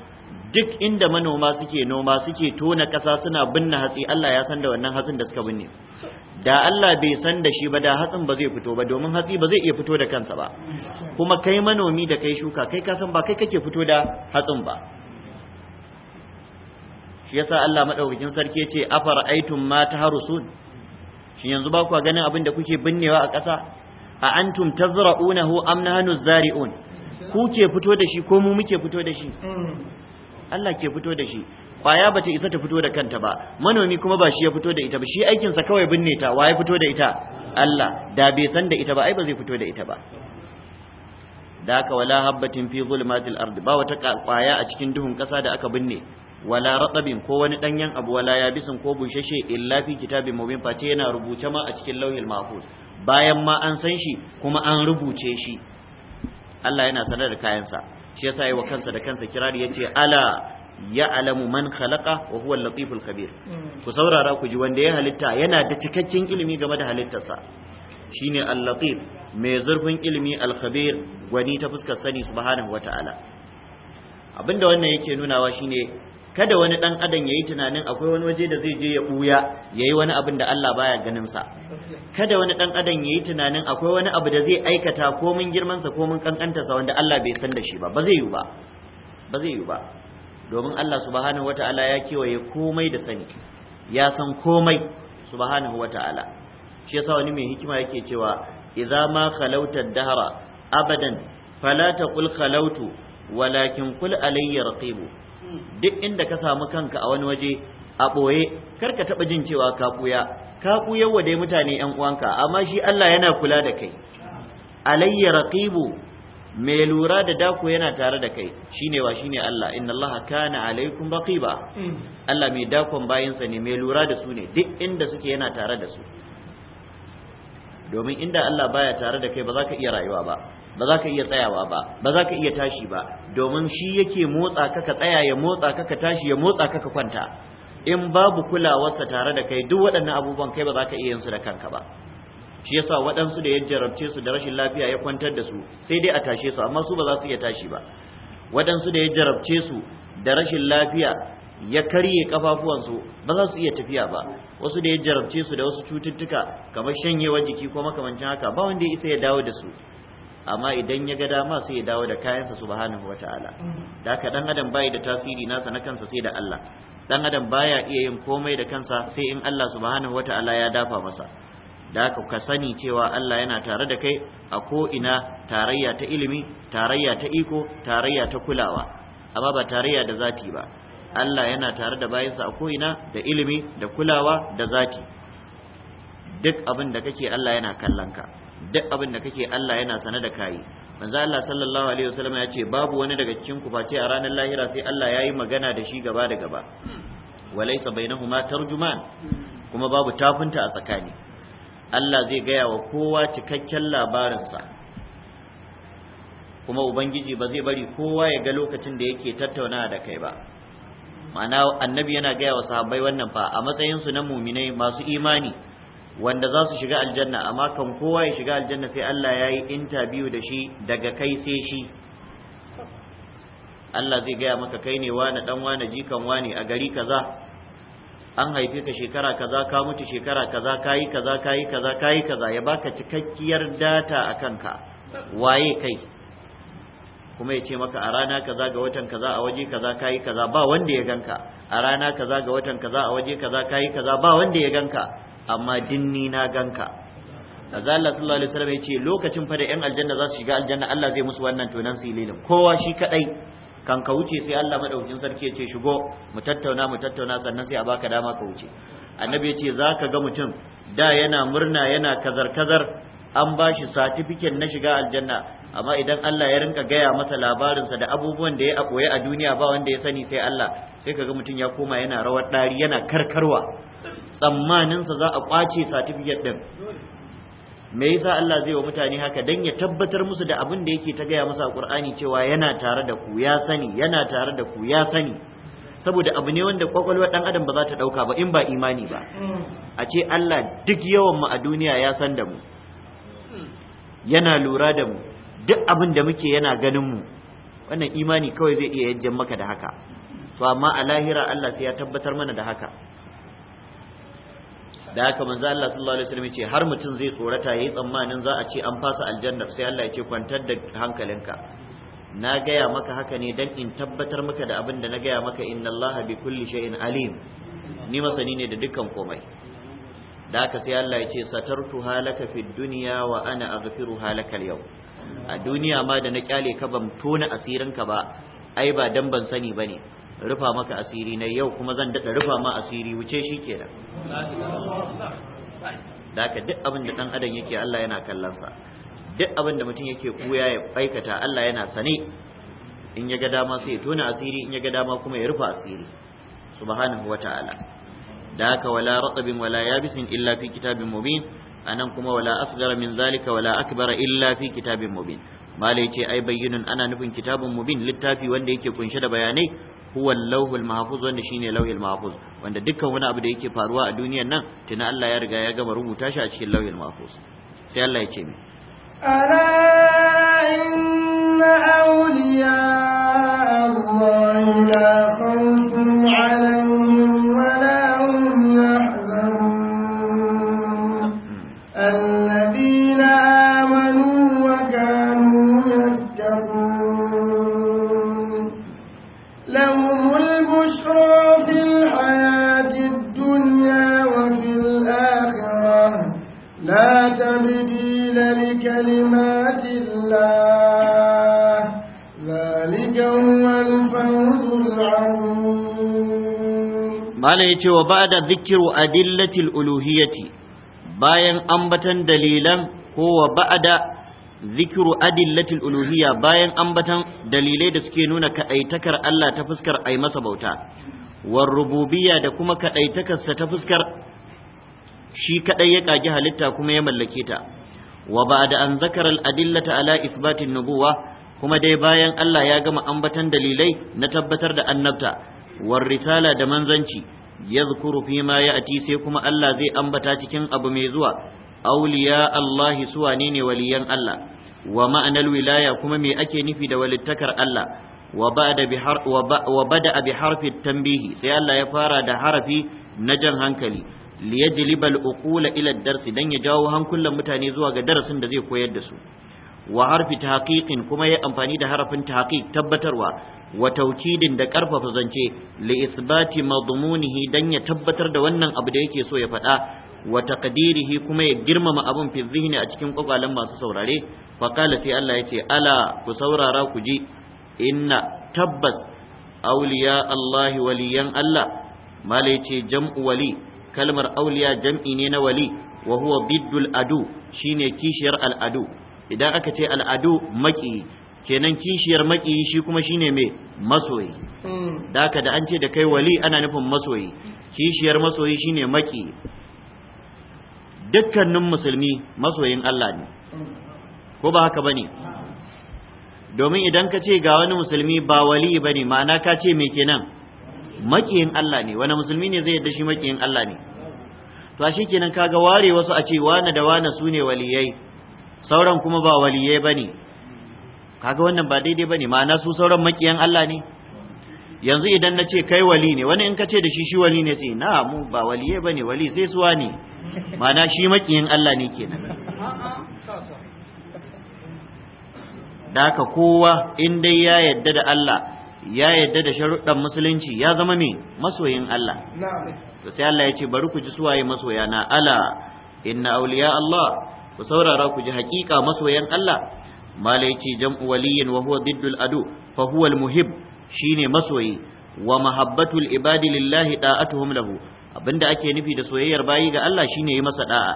duk inda manoma suke noma suke tona ƙasa suna binne hatsi Allah ya san da wannan hatsin da suka binne da Allah bai san da shi ba da hatsin ba zai fito ba domin hatsi ba zai iya fito da kansa ba kuma kai manomi da kai shuka kai ka san ba kai kake fito da hatsin ba shi yasa Allah madaukakin sarki yace ce afar aitum ma taharusun shin yanzu ba ku ganin abin da kuke binnewa a ƙasa a antum tazra'unahu am nahnu zari'un ku ke fito da shi ko mu muke fito da shi hmm. Allah ke fito da shi kwaya bata isa ta fito da kanta ba manomi kuma ba shi ya fito da ita ba shi aikinsa kawai binne ta wa ya fito da ita Allah da bai san da ita ba ai ba zai fito da ita ba da haka wala habbatin fi zulmatil ard ba wata kwaya a cikin duhun kasa da aka binne wala ratabin ko wani danyen abu wala ya bisin ko bushashe illa fi kitabin mubin face yana rubuce ma a cikin lauhil mahfuz bayan ma an san shi kuma an rubuce shi Allah yana sanar da kayansa shi yasa yi wa kansa da kansa kirari ya ce ala ya'lamu man khalaqa wa huwa al-latiful khabir mm. ku saurara ku ji wanda ya halitta yana da cikakken ilimi game da halittarsa shine al-latif mai zurfin ilimi al-khabir gwani ta fuskar sani subhanahu ta'ala abinda wannan yake nunawa shine kada wani dan adam yayi tunanin akwai wani waje da zai je ya buya yayi wani abin da Allah baya ganin sa kada wani dan adam yayi tunanin akwai wani abu da zai aikata ko mun girman sa ko mun kankanta sa wanda Allah bai san da shi ba ba zai yi ba ba zai yi ba domin Allah subhanahu wata'ala ya kewaye komai da sani ya san komai subhanahu wata'ala shi yasa wani mai hikima yake cewa idza ma khalauta dahra abadan fala taqul khalautu walakin qul alayya raqibu duk inda ka samu kanka a wani waje a ɓoye kar ka taɓa jin cewa ka ɓuya ka ɓuyar wa dai mutane ‘yan uwanka amma shi Allah yana kula da kai alayya raqibu mai lura da dako yana tare da kai shine wa shine Allah inna Allah kana alaikum raqiba mm. Allah mai dakon bayansa ne mai lura da su ne duk inda suke yana tare da su domin inda Allah baya tare da kai ba za ka iya rayuwa ba ba za ka iya tsayawa ba ba za ka iya tashi ba domin shi yake motsa ka ka tsaya ya motsa ka ka tashi ya motsa ka ka kwanta in babu kulawarsa tare da kai duk waɗannan abubuwan kai ba za ka iya yin su da kanka ba shi yasa waɗansu da ya jarabce su da rashin lafiya ya kwantar da su sai dai a tashe su amma su ba za su iya tashi ba waɗansu da ya jarabce su da rashin lafiya ya karye kafafuwansu ba za su iya tafiya ba wasu da ya jarabce su da wasu cututtuka kamar shanyewar jiki ko makamancin haka ba wanda ya isa ya dawo da su amma idan ya ga dama sai ya dawo da kayansa subhanahu wataala da haka dan adam bai da tasiri nasa na kansa sai da Allah dan adam baya iya yin komai da kansa sai in Allah subhanahu wataala ya dafa masa da haka ka sani cewa Allah yana tare da kai a ko ina tarayya ta ilimi tarayya ta iko tarayya ta kulawa amma ba tarayya da zati ba Allah yana tare da bayansa a ko ina da ilimi da kulawa da zati duk abin da kake Allah yana kallon ka duk abin da kake Allah yana sane da kai manzo Allah sallallahu alaihi wasallam ya ce babu wani daga cikin ku face a ranar lahira sai Allah ya yi magana da shi gaba da gaba walaysa bainahuma tarjuman kuma babu tafunta a tsakani Allah zai gaya wa kowa cikakken labarinsa kuma ubangiji ba zai bari kowa ya ga lokacin da yake tattauna da kai ba ma'ana annabi yana gaya wa sahabbai wannan fa a matsayinsu na muminai masu imani wanda za su shiga aljanna amma kan kowa ya shiga aljanna sai Allah ya yi intabiyu da shi daga kai sai shi Allah zai gaya maka kai ne wane dan wane jikan wane a gari kaza an haife ka shekara kaza ka mutu shekara kaza kayi kaza kayi kaza kayi kaza ya baka cikakkiyar data akan ka. waye kai kuma ya ce maka a rana kaza ga watan kaza a waje kaza kayi kaza ba wanda ya ganka a rana kaza ga watan kaza a waje kaza kayi kaza ba wanda ya ganka amma dinni na ganka azza Allah sallallahu alaihi wasallam ya ce lokacin fa da yan aljanna za su shiga aljanna Allah zai musu wannan tunan sililin kowa shi kadai kan ka wuce sai Allah maɗaukin sarki ya ce shigo mu tattauna mu tattauna sannan sai a baka dama ka wuce annabi ya ce zaka ga mutum da yana murna yana kazar kazar an ba shi na shiga aljanna amma idan Allah ya rinka gaya masa labarinsa da abubuwan da ya koya a duniya ba wanda ya sani sai Allah sai kaga mutum ya koma yana rawar ɗari yana karkarwa tsammaninsa za a kwace satifiket ɗin me yasa Allah zai wa mutane haka dan ya tabbatar musu da abin da yake ta gaya musu a Qur'ani cewa yana tare da ku ya sani yana tare da ku ya sani saboda abu ne wanda kwakwalwar dan adam ba za ta dauka ba in ba imani ba a ce Allah duk yawan mu a duniya ya san da mu yana lura da mu duk abin da muke yana ganin mu wannan imani kawai zai iya yajjan maka da haka to amma a lahira Allah sai ya tabbatar mana da haka da haka manzo Allah sallallahu alaihi wasallam ya ce har mutum zai tsorata yayi tsammanin za a ce an fasa aljanna sai Allah ya ce kwantar da hankalinka na gaya maka haka ne dan in tabbatar maka da abin da na gaya maka inna Allah bi kulli shay'in alim ni masani ne da dukkan komai da haka sai Allah ya ce satartu halaka fid dunya wa ana aghfiru halaka yau a duniya ma da na kyale ka ban tona asirinka ba ai ba dan ban sani bane rufa maka asiri na yau kuma zan dada rufa ma asiri wuce shi ke da haka duk abin da ɗan adam yake Allah yana kallonsa duk abin da mutum yake kuya ya aikata Allah yana sane in ya ga dama sai ya tona asiri in ya ga dama kuma ya rufa asiri subhanahu wa ta'ala da haka wala raqabin wala yabisin illa fi kitabin mubin anan kuma wala asghar min zalika wala akbara illa fi kitabin mubin malai ce ai bayyinun ana nufin kitabun mubin littafi wanda yake kunshe da bayanai huwa al-lawhul mahfuz wanda shine lawhul mahfuz wanda dukkan wani abu da yake faruwa a duniyar nan tuna Allah ya riga ya gama rubuta shi a cikin lawhul mahfuz sai Allah ya ce mi ala inna awliya Allah la khawfun alayhim بكلمات الله ذلك هو الفوز العظيم ما ليتي وبعد ذكر أدلة الألوهية bayan ambatan dalilan ko ba'da zikiru adillatul uluhiyya bayan ambatan dalilai da suke nuna kaɗaitakar Allah ta fuskar ai masa bauta war rububiyya da kuma kaɗaitakar ta fuskar shi kaɗai ya ƙagi halitta kuma ya mallake ta wa da an zakara al-adillata ala isbatin nubuwa kuma dai bayan Allah ya gama ambatan dalilai na tabbatar da annabta war risala da manzanci yadhkuru fi ma ati sai kuma Allah zai ambata cikin abu mai zuwa auliya Allah su wanene ne waliyan Allah wa ma'anar wilaya kuma me ake nufi da walittakar Allah wa bada bi harfi tambihi sai Allah ya fara da harafi na jan hankali liyajliba al-uqula ila ad-darsi dan ya jawo hankulan mutane zuwa ga darasin da zai koyar da su wa harfi tahqiqin kuma yi amfani da harafin tahqiq tabbatarwa wa taukidin da karfafa zance li isbati madmunihi dan ya tabbatar da wannan abu da yake so ya faɗa wa taqdirihi kuma ya girmama abun fi zihni a cikin kwakwalen masu saurare fa qala sai Allah yace ala ku saurara ku ji inna tabbas awliya Allah waliyan Allah mala jam'u wali kalmar auliya jam'i ne na wali wa huwa biddul adu shine kishiyar al'adu idan aka ce al'adu maki kenan kishiyar maki shi kuma shine mai masoyi hmm. da haka da an ce da kai wali ana nufin masoyi kishiyar masoyi shine maki dukkanin musulmi masoyin Allah ne ko ba haka bane hmm. domin idan ka ce ga wani musulmi ba wali bane ma'ana ka ce me kenan makiyin Allah ne wani musulmi ne zai yadda shi makiyin Allah ne to a kenan kaga ware wasu a ce wane da wane su ne waliyai sauran kuma ba waliyai bane kaga wannan ba daidai bane ma'ana su sauran makiyan Allah ne yanzu idan na ce kai wali ne wani in ka ce da shi shi wali ne sai na mu ba waliyai bane wali sai suwa ne Ma'ana shi makiyin Allah ne kenan da haka kowa in dai ya yadda da Allah ya yadda da sharuɗan musulunci ya zama mai masoyin Allah to sai Allah ya ce bari ku ji suwaye masoya na ala inna awliya Allah ku saurara ku ji haƙiƙa masoyan Allah mala ce jam'u waliyin wa huwa diddul adu fa huwa almuhib shine masoyi wa mahabbatul ibadi lillahi da'atuhum lahu abinda ake nufi da soyayyar bayi ga Allah shine yi masa ɗa'a,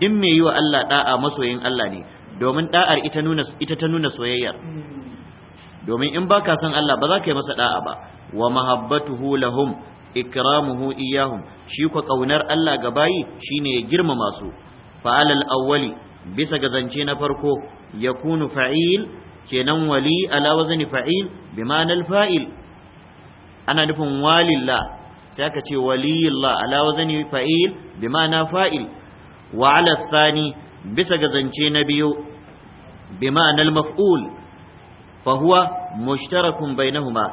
duk mai yi wa Allah ɗa'a masoyin Allah ne domin ɗa'ar ita ta nuna soyayyar hmm. domin in baka son Allah ba za ka yi masa da'a ba wa mahabbatuhu lahum ikramuhu iyahum shi ko kaunar Allah ga bayi shine ya girmama su fa'alal awwali bisa ga zance na farko yakunu fa'il kenan wali ala wazni fa'il bi ma'anal fa'il ana nufin walillah sai aka ce waliyullah ala wazni fa'il bi ma'ana fa'il wa ala thani bisa ga zance na biyu bi ma'anal maf'ul fahuwa mushtarakun bainahuma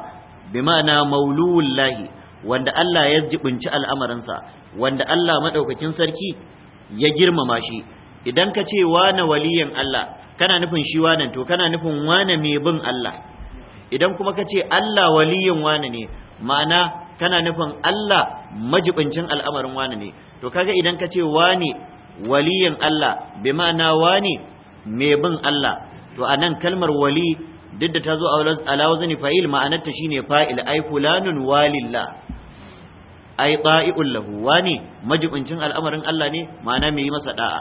bima'ana mauluwullahi wanda Allah ya jibinci al'amarinsa wanda Allah madaukakin sarki ya girmama shi idan ka ce wane waliyan Allah kana nufin shi wanan to kana nufin wane mai bin Allah idan kuma ka ce Allah waliyin wane ne ma'ana kana nufin Allah majibincin al'amarin wane ne to kaga idan ka ce wane waliyan Allah bi ma'ana wane mai bin Allah to anan kalmar wali duk da ta zo ala wazni fa'il ma'anarta shine fa'il ai fulanun walillah ai ta'i'ul lahu wani majibincin al'amarin Allah ne ma'ana mai yi masa da'a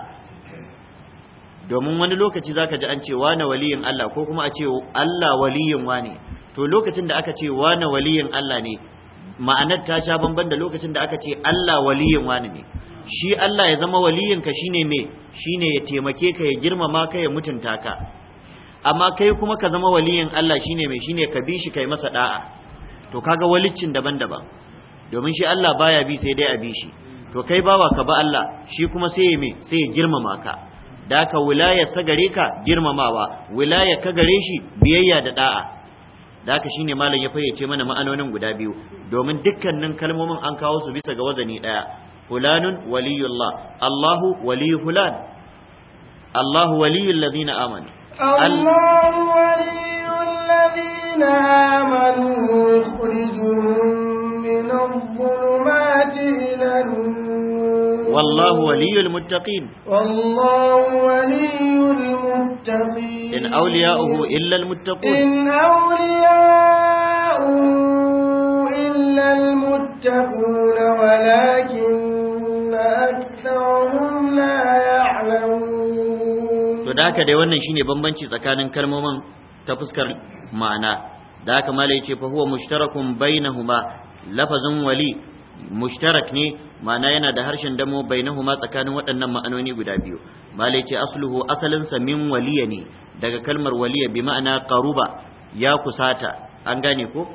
domin wani lokaci zaka ji an ce wani waliyin Allah ko kuma a ce Allah waliyin wani to lokacin da aka ce wani waliyin Allah ne ma'anar ta sha bamban da lokacin da aka ce Allah waliyin wani ne shi Allah ya zama waliyinka shine me shine ya taimake ka ya girmama ka ya mutunta ka amma kai kuma ka zama waliyin Allah shine mai shine ka bi shi kai masa da'a to kaga walicin daban-daban domin shi Allah baya bi sai dai a bi shi to kai bawa ka ba Allah shi kuma sai ya me sai ya girmama ka da ka wilaya sa gare ka girmamawa wilaya ka gare shi biyayya da da'a da ka shine malam ya fayyace mana ma'anonin guda biyu domin dukkanin kalmomin an kawo su bisa ga wazani daya fulanun waliyullah Allahu waliyul fulan Allahu waliyul ladina amanu الله ولي الذين آمنوا يخرجهم من الظلمات إلى النور والله ولي المتقين والله ولي المتقين إن أولياؤه إلا المتقون إن أولياؤه إلا المتقون ولكن أكثرهم لا يعلمون to da haka dai wannan shine bambanci tsakanin kalmomin ta fuskar ma'ana da haka malai yace fa huwa mushtarakun bainahuma lafazin wali mushtarak ne ma'ana yana da harshen damo bainahuma tsakanin waɗannan ma'anoni guda biyu malai yace asluhu asalin sa min waliya ne daga kalmar waliya bi ma'ana qaruba ya kusata an gane ko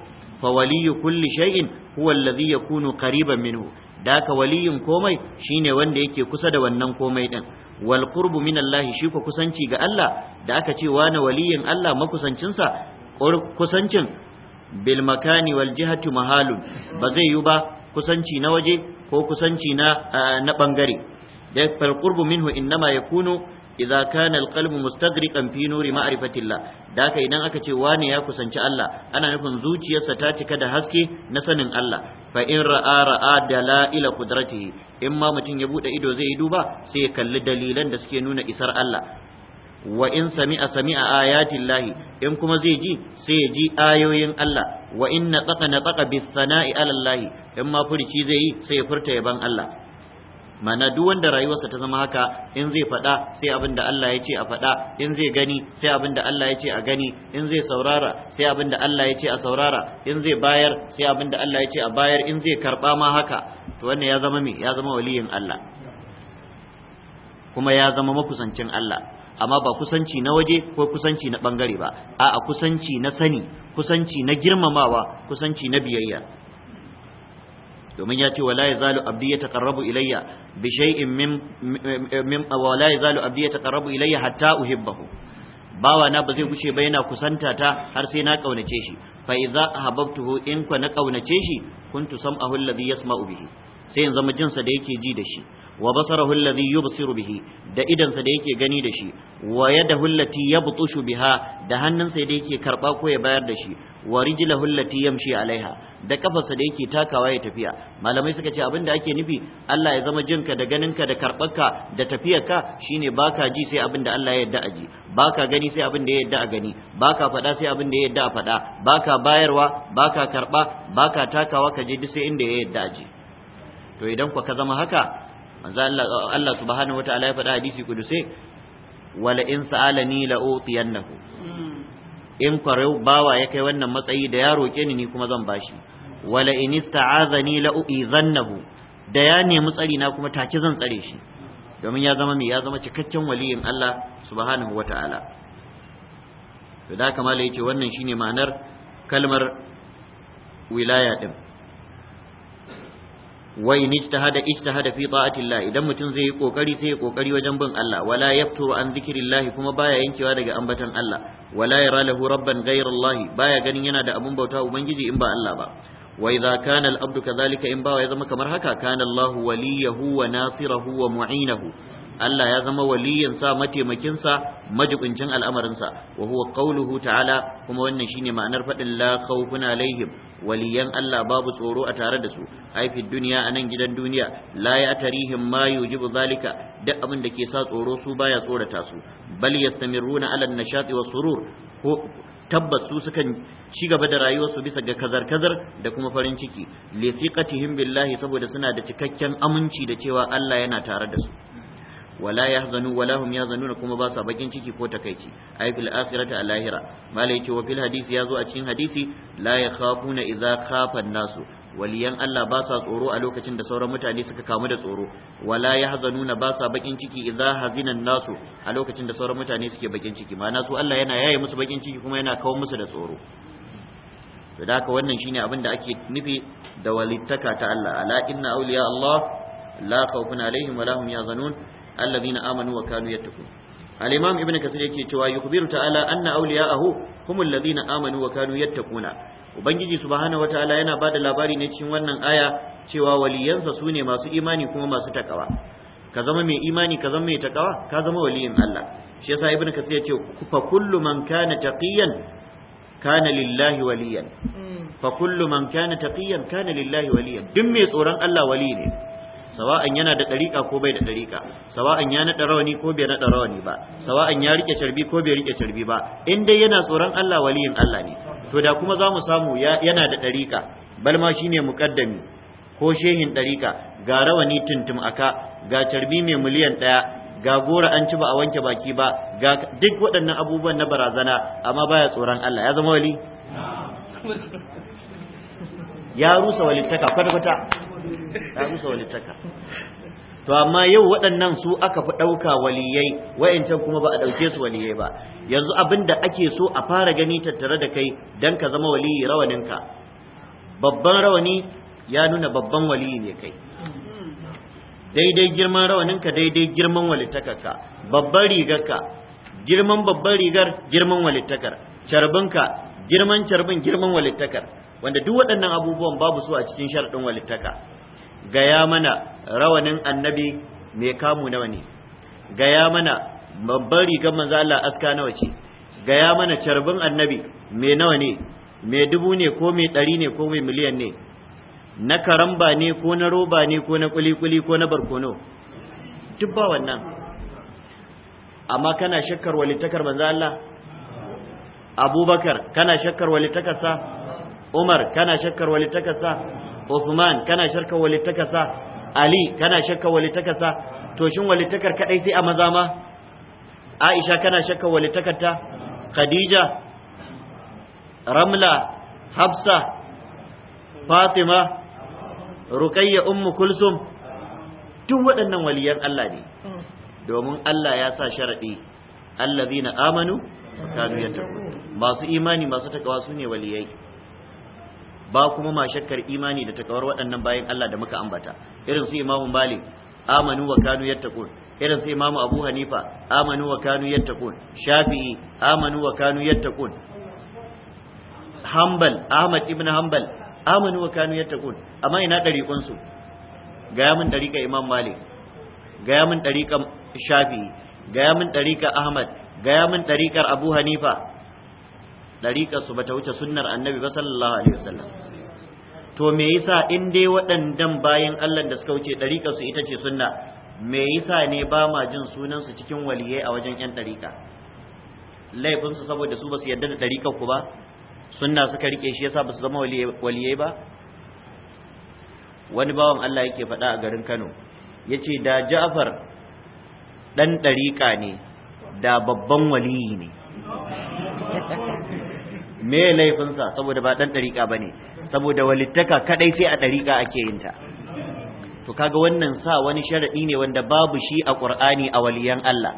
fa waliyu kulli shay'in huwa alladhi yakunu qariban minhu da ka waliyin komai shine wanda yake kusa da wannan komai din wal qurbu min Allah shi ko kusanci ga Allah da aka ce wa na waliyin Allah makusancinsa kusancin bil makani wal jihati mahalun ba zai yi ba kusanci na waje ko kusanci na na bangare da fal qurbu minhu innama yakunu idza kana alqalbu mustagriqan fi nuri ma'rifatillah da ka idan aka ce wani ya kusanci Allah ana nufin zuciyarsa ta cika da haske na sanin Allah fa in ra'a ra'a dalaila qudratihi in ma mutum ya bude ido zai yi duba sai ya kalli dalilan da suke nuna isar Allah wa in sami'a sami'a ayatin lahi in kuma zai ji sai ya ji ayoyin Allah wa in na tsaka na tsaka bis sana'i in ma furici zai yi sai ya furta yaban Allah mana duk wanda rayuwarsa ta zama haka in zai faɗa sai abin da Allah ya ce a faɗa in zai gani sai abin da Allah ya ce a gani in zai saurara sai abin da Allah ya ce a saurara in zai bayar sai abin da Allah ya ce a bayar in zai karɓa ma haka to wannan ya zama me ya zama waliyin Allah kuma ya zama makusancin Allah amma ba kusanci na waje ko kusanci na bangare ba a'a kusanci na sani kusanci na girmamawa kusanci na biyayya domin ya ce wala yazalu abdi yataqarrabu ilayya bi shay'in min min wala yazalu abdi yataqarrabu ilayya hatta uhibbahu bawa na ba zai guce ba yana kusanta ta har sai na kaunace shi fa idza ahabbtuhu in ka na kaunace shi kuntu sam'ahu alladhi yasma'u bihi sai in zama jinsa da yake ji da shi wa basarahu alladhi yubsiru bihi da idonsa da yake gani da shi wa yadahu allati yabtushu biha da hannunsa da yake karba ko ya bayar da shi wa rijlahu allati yamshi alaiha da kafarsa da yake takawa ya tafiya malamai suka ce abinda ake nufi Allah ya zama jinka da ganinka da karbarka da tafiyarka shine baka ji sai abinda Allah ya yarda a baka gani sai abinda ya yarda a gani baka faɗa sai abinda ya yarda a faɗa baka bayarwa baka karba baka takawa ka je duk sai inda ya yarda aji. to idan ku ka zama haka manzo Allah subhanahu wataala ya faɗa hadisi kudusai wala in sa'alani la utiyannahu hmm. in kwarau bawa ya kai wannan matsayi da ya roƙe ni ni kuma zan bashi wala in ista'azani la u'izannahu da ya nemi tsari na kuma take zan tsare shi domin ya zama mai ya zama cikakken waliyin Allah subhanahu wata'ala to da kamala yake wannan shine ma'anar kalmar wilaya din wa in ijtahada ijtahada fi ta'atillah idan mutum zai yi kokari sai ya kokari wajen bin Allah wala yafturu an zikrillah kuma baya yankewa daga ambatan Allah wala yara lahu rabban ghayra Allah baya ganin yana da abun bauta ubangiji in ba Allah ba wa idza kana al-abdu kadhalika in ba ya zama kamar haka kana Allah waliyahu wa nasirahu wa mu'inahu Allah ya zama waliyansa mataimakinsa majibincin al'amarinsa wa huwa qauluhu ta'ala kuma wannan shine ma'anar fadin la khawfun alaihim waliyan Allah babu tsoro a tare da su ai fi duniya anan gidan duniya la ya'tarihim ma yujibu zalika duk abin da ke sa tsoro su baya tsorata su bal yastamiruna ala an-nashati was-surur ko tabbas su sukan ci gaba da rayuwarsu bisa ga kazar-kazar da kuma farin ciki li thiqatihim billahi saboda suna da cikakken aminci da cewa Allah yana tare da su wala yahzanu wala hum yahzanuna kuma ba sa bakin ciki ko takaici ay fil akhirati a lahira malai ce wa fil hadisi yazo a cikin hadisi la khafuna idza khafa nasu waliyan Allah ba sa tsoro a lokacin da sauran mutane suka kamu da tsoro wala yahzanuna ba sa bakin ciki idza hazina nasu a lokacin da sauran mutane suke bakin ciki ma'ana su Allah yana yaye musu bakin ciki kuma yana kawo musu da tsoro to da haka wannan shine abin da ake nufi da walittaka ta Allah ala inna awliya Allah la khawfun alaihim wa hum yahzanun allazina amanu wa kanu yattaqun al-imam ibnu kasir yake cewa yukhbiru ta'ala anna awliya'ahu humul ladina amanu wa kanu yattaquna ubangiji subhanahu wataala yana bada labari ne cikin wannan aya cewa waliyansa sune masu imani kuma masu takawa ka zama mai imani ka zama mai takawa ka zama waliyin Allah shi yasa ibnu kasir yace fa kullu man kana taqiyan kana lillahi waliyan mm. fa kullu man kana taqiyan kana lillahi waliyan duk mai tsoron Allah wali ne sawa'an yana da ɗariƙa ko bai da ɗariƙa sawa'an ya naɗa rawani ko bai naɗa rawani ba sawa'an ya rike sharbi ko bai rike sharbi ba in dai yana tsoron Allah waliyin Allah ne to da kuma zamu mu samu yana da ɗariƙa bal ma shine muƙaddami ko shehin ɗariƙa ga rawani tuntum aka ga carbi mai miliyan ɗaya ga gora an ci ba a wanke baki ba ga duk waɗannan abubuwan na barazana amma baya tsoron Allah ya zama wali ya rusa walittaka kwata-kwata ta wani taka to amma yau waɗannan su aka fi ɗauka waliyai wa'yancan kuma ba a ɗauke su waliyai ba yanzu abin da ake so a fara gani tattare da kai don ka zama waliyi rawaninka babban rawani ya nuna babban waliyi ne kai daidai girman rawaninka daidai girman walittakarka babban rigarka girman babban rigar girman walittakar carbinka girman carbin girman walittakar wanda duk waɗannan abubuwan babu su a cikin sharaɗin walittaka gaya mana rawanin annabi mai kamu nawa ne gaya mana babban rigar manzo Allah aska nawa ce gaya mana carbin annabi mai nawa ne mai dubu ne ko mai ɗari ne ko mai miliyan ne na karamba ne ko na roba ne ko na kulikuli ko na barkono duk ba wannan amma kana shakkar walitakar manzo Allah Abubakar kana shakkar walittakarsa Umar kana shakkar walittakarsa Uthman kana shirka walittakasa Ali kana shakka walittakasa to shin walittakar kadai sai a maza ma Aisha kana shakka walittakarta Khadija Ramla Hafsa Fatima Ruqayya Ummu Kulsum duk waɗannan waliyan Allah ne domin Allah ya sa sharadi allazina amanu kanu yattaqun masu imani masu takawa sune waliyai ba kuma ma shakkar imani da takawar waɗannan bayan Allah da muka ambata irin su Imam Malik amanu wa kanu yattaqun irin su Imam Abu Hanifa amanu wa kanu yattaqun Shafi'i amanu wa kanu yattaqun Hanbal Ahmad ibn Hanbal amanu wa kanu yattaqun amma ina dariƙun su gaya min dariƙa Imam Malik gaya min dariƙa Shafi'i gaya min dariƙa Ahmad gaya min dariƙar Abu Hanifa dariƙar su bata wuce sunnar annabi ba sallallahu alaihi wasallam to me yasa in dai waɗandan bayan Allah da suka wuce dariƙar su ita ce sunna me yasa ne ba ma jin sunan su cikin waliyai a wajen ƴan dariƙa laifin su saboda su basu yarda da dariƙar ku ba sunna suka rike shi yasa su zama waliyai ba wani bawan Allah yake faɗa a garin Kano yace da Ja'far ɗan dariƙa ne da babban waliyi ne me laifinsa saboda ba dan dariƙa bane saboda walittaka kadai sai a dariƙa ake yin ta to kaga wannan sa wani sharadi ne wanda babu shi a Qur'ani a waliyan Allah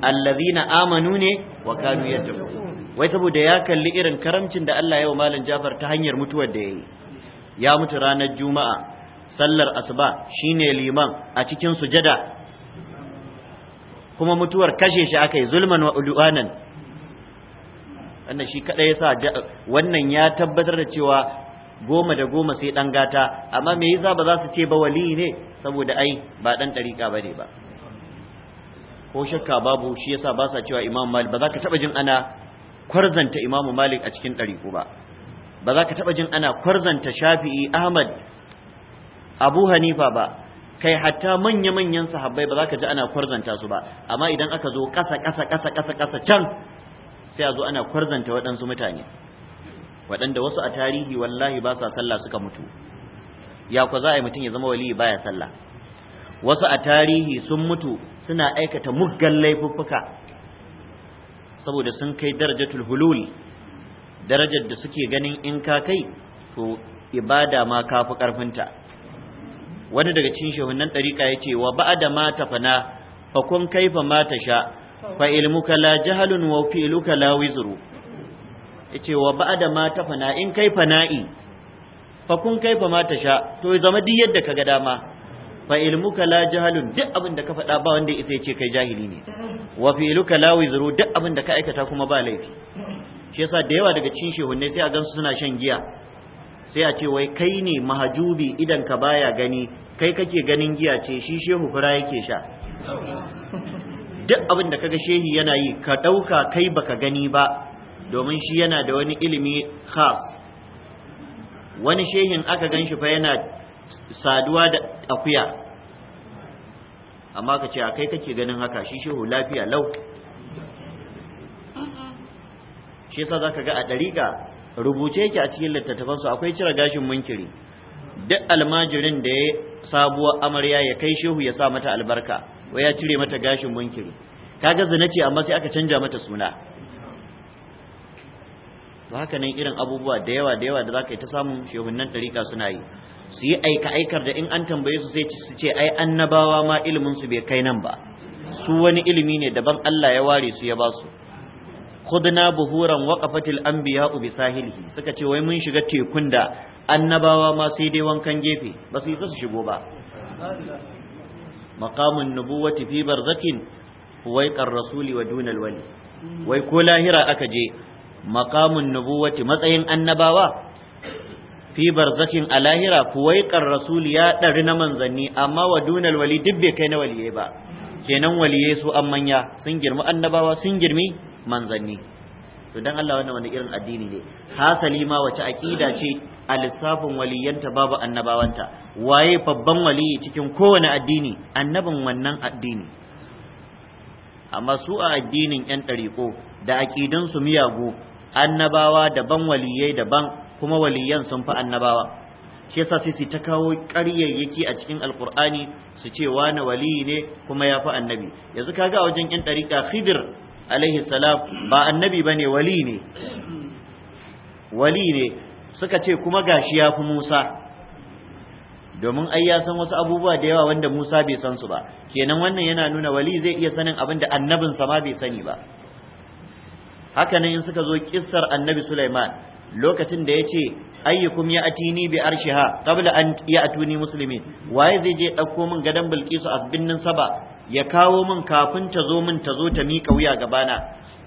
allazina amanu ne wa kanu yattaqun wai saboda ya kalli irin karamcin da Allah ya wa malam Jafar ta hanyar mutuwar da yayi ya mutu ranar Juma'a sallar asuba shine liman a cikin sujada kuma mutuwar kashe shi aka yi zulman wa udwanan wannan shi kadai yasa wannan ya tabbatar da cewa goma da goma sai dan gata amma me yasa ba za su ce ba wali ne saboda ai ba dan dariƙa bane ba ko shakka babu shi yasa ba sa cewa Imam Malik ba za ka taba jin ana kwarzanta Imam Malik a cikin dariƙu ba ba za ka taba jin ana kwarzanta Shafi'i Ahmad Abu Hanifa ba kai hatta manya-manyan sahabbai ba za ka ji ana kwarzanta su ba amma idan aka zo ƙasa ƙasa ƙasa ƙasa ƙasa can sai a zo ana kwarzanta waɗansu mutane waɗanda wasu a tarihi wallahi ba sa sallah suka mutu ya ku za a yi mutum ya zama waliyi baya sallah wasu a tarihi sun mutu suna aikata muggan laifuffuka saboda sun kai darajatul hulul darajar da suke ganin in ka kai to ibada ma ka fi wani daga cikin shehunan ɗarika ya ce wa ba'ada ma tafana fa kun kaifa ma sha? fa ilmuka la jahalun wa fi'luka la wizru yace wa ba'da ma tafana in kai fana'i fa kun kai fa ma tasha to ya zama duk yadda kaga dama fa ilmuka la jahalun duk abin da ka faɗa ba wanda isa yace kai jahili ne wa fi'luka la wizru duk abin da ka aikata kuma ba laifi shi yasa da yawa daga cikin shehunne sai a gansu suna shan giya sai a ce wai kai ne mahajubi idan ka baya gani kai kake ganin giya ce shi shehu fura yake sha duk abin da kaga shehi yana yi ka ɗauka kai baka gani ba domin shi yana da wani ilimi khas wani shehin aka ganshi fa yana saduwa da akuya amma ka ce a kai kake ganin haka shi shehu lafiya lau shi yasa zaka ga a ɗariƙa rubuce yake a cikin littattafansu akwai cire gashin munkiri duk almajirin da ya sabuwar amarya ya kai shehu ya sa mata albarka Wa ya cire mata gashin munkiri kaga zina ce amma sai aka canja mata suna to haka nan irin abubuwa da yawa da yawa da zaka yi ta samun shehunnan tarika suna yi su yi aika aikar da in an tambaye su sai su ce ai annabawa ma ilimin su bai kai nan ba su wani ilimi ne daban Allah ya ware su ya ba su khudna buhuran waqafatil anbiya'u bi sahilihi suka ce wai mun shiga tekun da annabawa ma sai dai wankan gefe ba su yi su shigo ba maqamun nubuwati fi barzakin huwaiqar rasuli wa dunal wali wai ko lahira aka je maqamun nubuwati matsayin annabawa fi barzakin a lahira huwaiqar rasuli ya ɗari na manzanni amma wa dunal wali duk bai kai na waliyai ba kenan waliyai su an manya sun girma annabawa sun girmi manzanni to dan Allah wannan wani irin addini ne hasali ma wace aƙida ce a lissafin waliyanta babu annabawanta waye babban waliyi cikin kowane addini annabin wannan addini amma su a addinin yan ɗariƙo da aƙidansu miyagu annabawa daban waliyai daban kuma waliyan sun fi annabawa shi yasa sai su ta kawo ƙaryayyaki a cikin alkur'ani su ce wani waliyi ne kuma ya fi annabi yanzu kaga a wajen yan ɗariƙa khidir alaihi salam ba annabi ba ne ne wali ne suka ce kuma gashi ya fi Musa domin ai ya san wasu abubuwa da yawa wanda Musa bai san su ba kenan wannan yana nuna wali zai iya sanin abin da annabin sa ma bai sani ba haka nan in suka zo kissar annabi Sulaiman lokacin da yace ayyukum ya atini bi arshiha qabla an ya atuni muslimin waye zai je dauko min gadan bilqisu asbinnin saba ya kawo min kafin ta zo min ta zo ta mika wuya gabana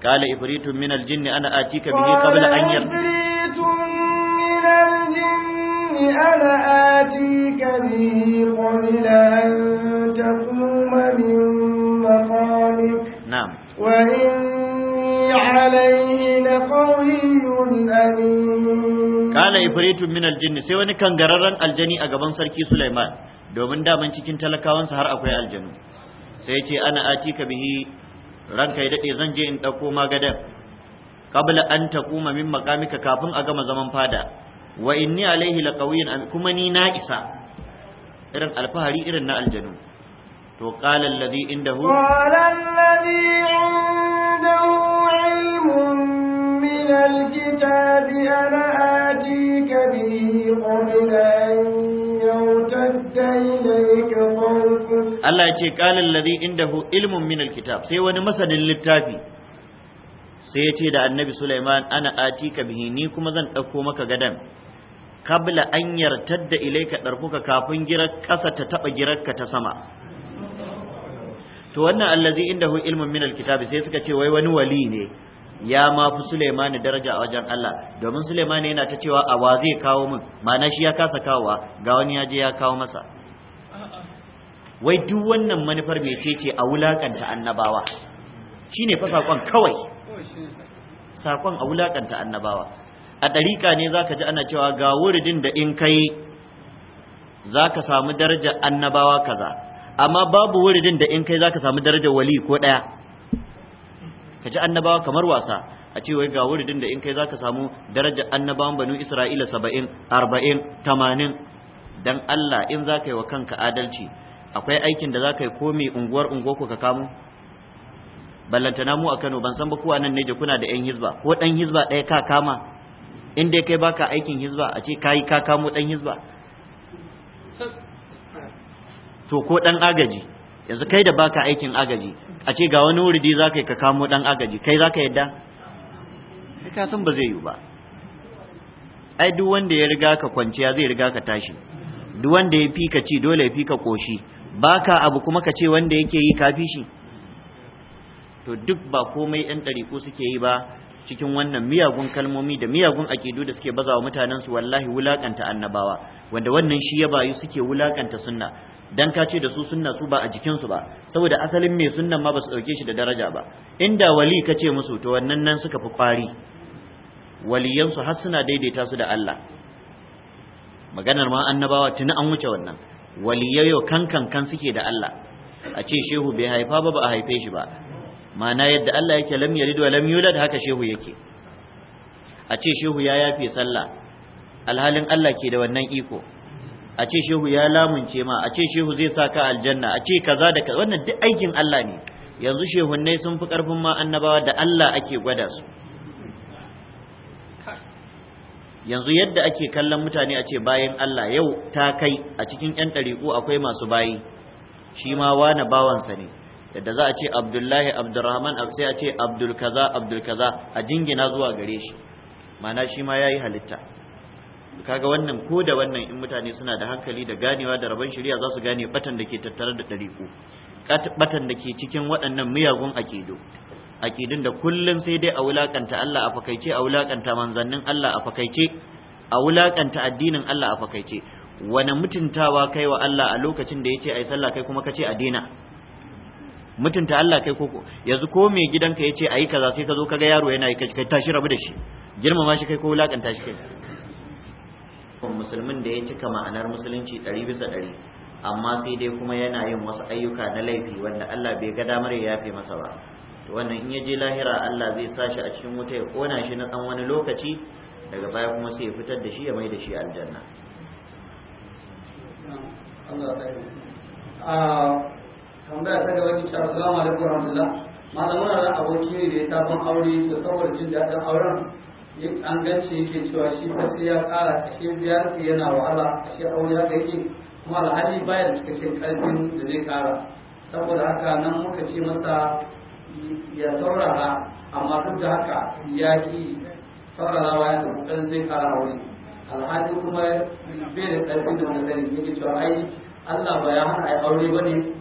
qala ifritun min aljinni ana atika bihi qabla an yar الجن أنا آتيك به قبل أن تقوم من مقامك نعم وإني عليه لقوي أمين قال إفريت من domin daman cikin talakawansa har akwai aljanu sai ce ana atika bihi ranka ya dade zan je in dauko magadan qabla an taquma min maqamika kafin a gama zaman fada wa inni alaihi laqawiyyun kuma ni na isa irin alfahari irin na aljanu to qala alladhi indahu qala alladhi indahu ilmun min alkitabi ana atika bihi qabla an yawtadda ilayka qalbuk Allah ya ce qala alladhi indahu ilmun min alkitab sai wani masanin littafi sai ya ce da annabi Sulaiman ana atika bihi ni kuma zan ɗauko maka gadan kabla an yartar da ilaika ɗarfuka kafin girar ƙasa ta taɓa girarka ta sama to wannan allazi inda hu ilmin min alkitabi sai suka ce wai wani wali ne ya ma fi Suleimani daraja a wajen Allah domin Suleimani yana ta cewa a wa zai kawo min ma'ana shi ya kasa kawowa ga wani ya je ya kawo masa wai duk wannan manufar mecece a wulaƙanta annabawa shine fa saƙon kawai Saƙon a wulaƙanta annabawa a ɗariƙa ne za ka ji ana cewa ga wuridin da in kai za ka samu darajar annabawa kaza amma babu wuridin da in kai za ka samu darajar wali ko ɗaya ka ji annabawa kamar wasa a ce wai ga wuridin da in kai za ka samu darajar annabawan banu isra'ila saba'in arba'in tamanin don allah in za ka yi wa kanka adalci akwai aikin da za ka yi ko mai unguwar unguwar ku ka kamo ballantana mu a kano ban san ba kuwa nan ne kuna da yan hizba ko ɗan hizba ɗaya ka kama in dai kai baka aikin hizba a ce kayi ka kamo dan hizba to ko dan agaji yanzu kai da baka aikin agaji a ce ga wani wuridi zaka ka kamo dan agaji kai zaka yadda ka san ba zai yi ba ai duk wanda ya riga ka kwanciya zai riga ka tashi duk wanda ya fi ka ci dole ya fi ka koshi baka abu kuma ka ce wanda yake yi kafishi? shi to duk ba komai ɗan ɗariƙo suke yi ba cikin wannan miyagun kalmomi da miyagun aƙidu da suke bazawa mutanen su wallahi wulakanta annabawa wanda wannan shi ya bayu suke wulakanta sunna dan ka ce da su sunna su ba a jikin su ba saboda asalin mai sunnan ma ba su dauke shi da daraja ba inda wali ka ce musu to wannan nan suka fi kwari waliyan har suna daidaita su da Allah maganar ma annabawa tuni an wuce wannan waliyayo kankan kan suke da Allah a ce shehu bai haifa ba ba a haife shi ba ma'ana yadda Allah yake lam yalid wa lam yulad haka shehu yake a ce shehu ya yafi sallah alhalin Allah ke da wannan iko a ce shehu ya lamunce ma a ce shehu zai sa ka aljanna a ce kaza da kaza wannan duk aikin Allah ne yanzu shehunnai sun fi karfin ma annabawa da Allah ake gwada su yanzu yadda ake kallon mutane a ce bayan Allah yau ta kai a cikin 'yan ɗariƙo akwai masu bayi shi ma wane bawansa ne yadda za a ce abdullahi abdurrahman sai a ce abdul kaza a jingina zuwa gare shi mana shi ma ya yi halitta kaga wannan ko da wannan in mutane suna da hankali da ganewa da rabon shari'a za su gane batan da ke tattare da ɗariƙo batan da ke cikin waɗannan miyagun aƙidu aƙidun da kullum sai dai a wulaƙanta Allah a fakaice a wulaƙanta manzannin Allah a fakaice a wulaƙanta addinin Allah a fakaice wani mutuntawa kai wa Allah a lokacin da ya ce a yi sallah kai kuma ka ce a dina mutunta Allah kai koko yanzu ko mai gidanka ya ce a yi kaza sai ka zo kaga yaro yana yi kai tashi rabu da shi girmama shi kai ko wulakanta shi kai musulmin da ya cika ma'anar musulunci ɗari bisa ɗari amma sai dai kuma yana yin wasu ayyuka na laifi wanda Allah bai ga damar ya yafe masa ba to wannan in ya je lahira Allah zai sa shi a cikin wuta ya kona shi na ɗan wani lokaci daga baya kuma sai ya fitar da shi ya mai da shi aljanna tambaya ta gaba ki assalamu alaikum warahmatullah malamin da aboki ne da ya ban aure to saboda jin daɗin auren an ganci yake cewa shi fa sai ya ƙara ya biyar yana wahala Shi aure ya kai kuma alhali baya da cikakken ƙarfin da zai ƙara saboda haka nan muka ce masa ya saurara amma duk da haka ya ki saurarawa ya tafi dan zai ƙara aure alhali kuma bai da karfin da wani sani yake cewa ai Allah ba ya hana aure ba ne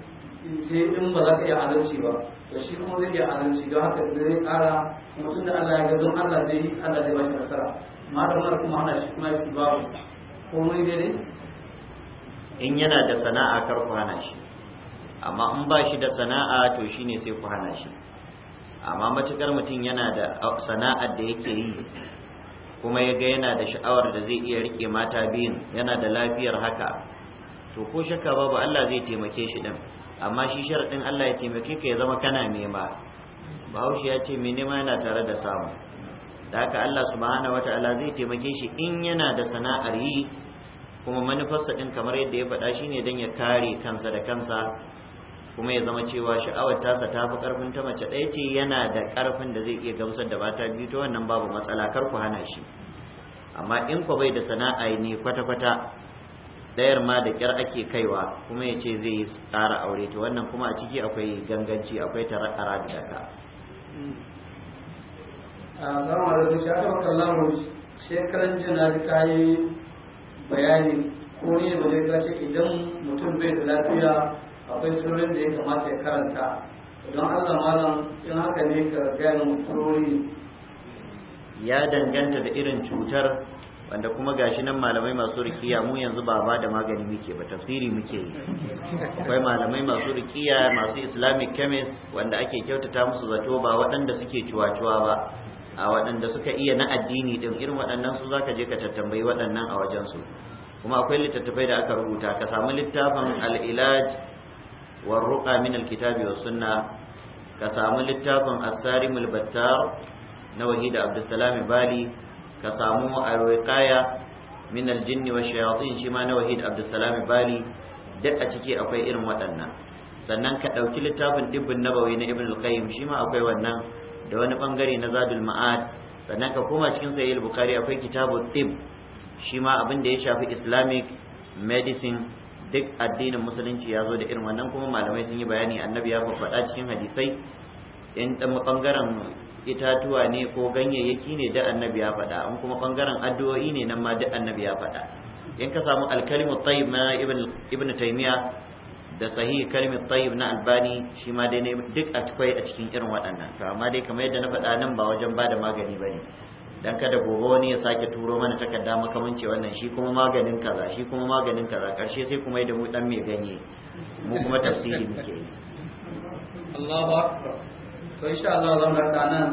sai in ba za ka iya adalci ba to shi kuma zai iya adalci don haka da zai kara kuma tunda Allah ya ga don Allah zai yi Allah zai ba shi nasara malamar kuma ana shi kuma shi babu komai dai in yana da sana'a kar ku hana shi amma in ba shi da sana'a to shine sai ku hana shi amma matukar mutum yana da uh, sana'ar da yake yi kuma ya ga yana da sha'awar da zai iya rike mata biyun yana da lafiyar haka to ko shakka babu Allah zai taimake shi din amma shi sharadin Allah ya taimake ka ya zama kana nema bahaushe ya ce mai nema yana tare da samu da haka Allah subhanahu wataala zai taimake shi in yana da sana'ar yi kuma manufarsa din kamar yadda ya faɗa ne dan ya kare kansa da kansa kuma ya zama cewa sha'awar tasa ta fi karfin ta mace ɗaya ce yana da karfin da zai iya gamsar da mata biyu ta wannan babu matsala kar ku hana shi amma in ku bai da sana'a ne kwata-kwata dayar ma da kyar ake kaiwa kuma ya ce zai tsara ƙara aure to wannan kuma a ciki akwai ganganci akwai tarakara da daka ah, shekaran jina da ta yi bayani ko ne ba zai kace idan mutum bai da lafiya akwai surorin da ya kamata ya karanta don allah malam in haka ne ka gaya surori ya danganta da irin cutar wanda kuma gashi nan malamai masu rikiya mu yanzu ba ba da magani muke ba tafsiri muke yi akwai malamai masu rikiya masu islamic chemist wanda ake kyautata musu zato ba waɗanda suke cuwa-cuwa ba a waɗanda suka iya na addini din irin waɗannan su zaka je ka tattambayi waɗannan a wajen su kuma akwai littattafai da aka rubuta ka samu littafin al-ilaj wa ruqa min al-kitabi wa sunna ka samu littafin as-sarimul battar na wahida abdussalam bali ka samu kaya min aljinni wa shayatin shi ma na wahid abdulsalam bali duk a ciki akwai irin waɗannan sannan ka ɗauki littafin dibbin nabawi na ibn al-qayyim shi ma akwai wannan da wani bangare na zadul ma'ad sannan ka koma cikin sahih al-bukhari akwai kitabu tib shi ma abin da ya shafi islamic medicine duk addinin musulunci ya zo da irin wannan kuma malamai sun yi bayani annabi ya faɗa cikin hadisai in bangaren itatuwa ne ko ganyayyaki ne da annabi ya faɗa in kuma bangaren addu'o'i ne nan ma da annabi ya faɗa in ka samu alkalimu tayyib na ibn taymiya da sahih kalimu tayyib na albani shi ma dai duk akwai a cikin irin waɗannan to amma dai kamar yadda na faɗa nan ba wajen ba da magani ne dan kada gobe wani ya sake turo mana takarda makamanci wannan shi kuma maganin kaza shi kuma maganin kaza karshe sai kuma da mu dan mai ganye mu kuma tafsiri muke yi Allahu akbar to insha Allah zan nan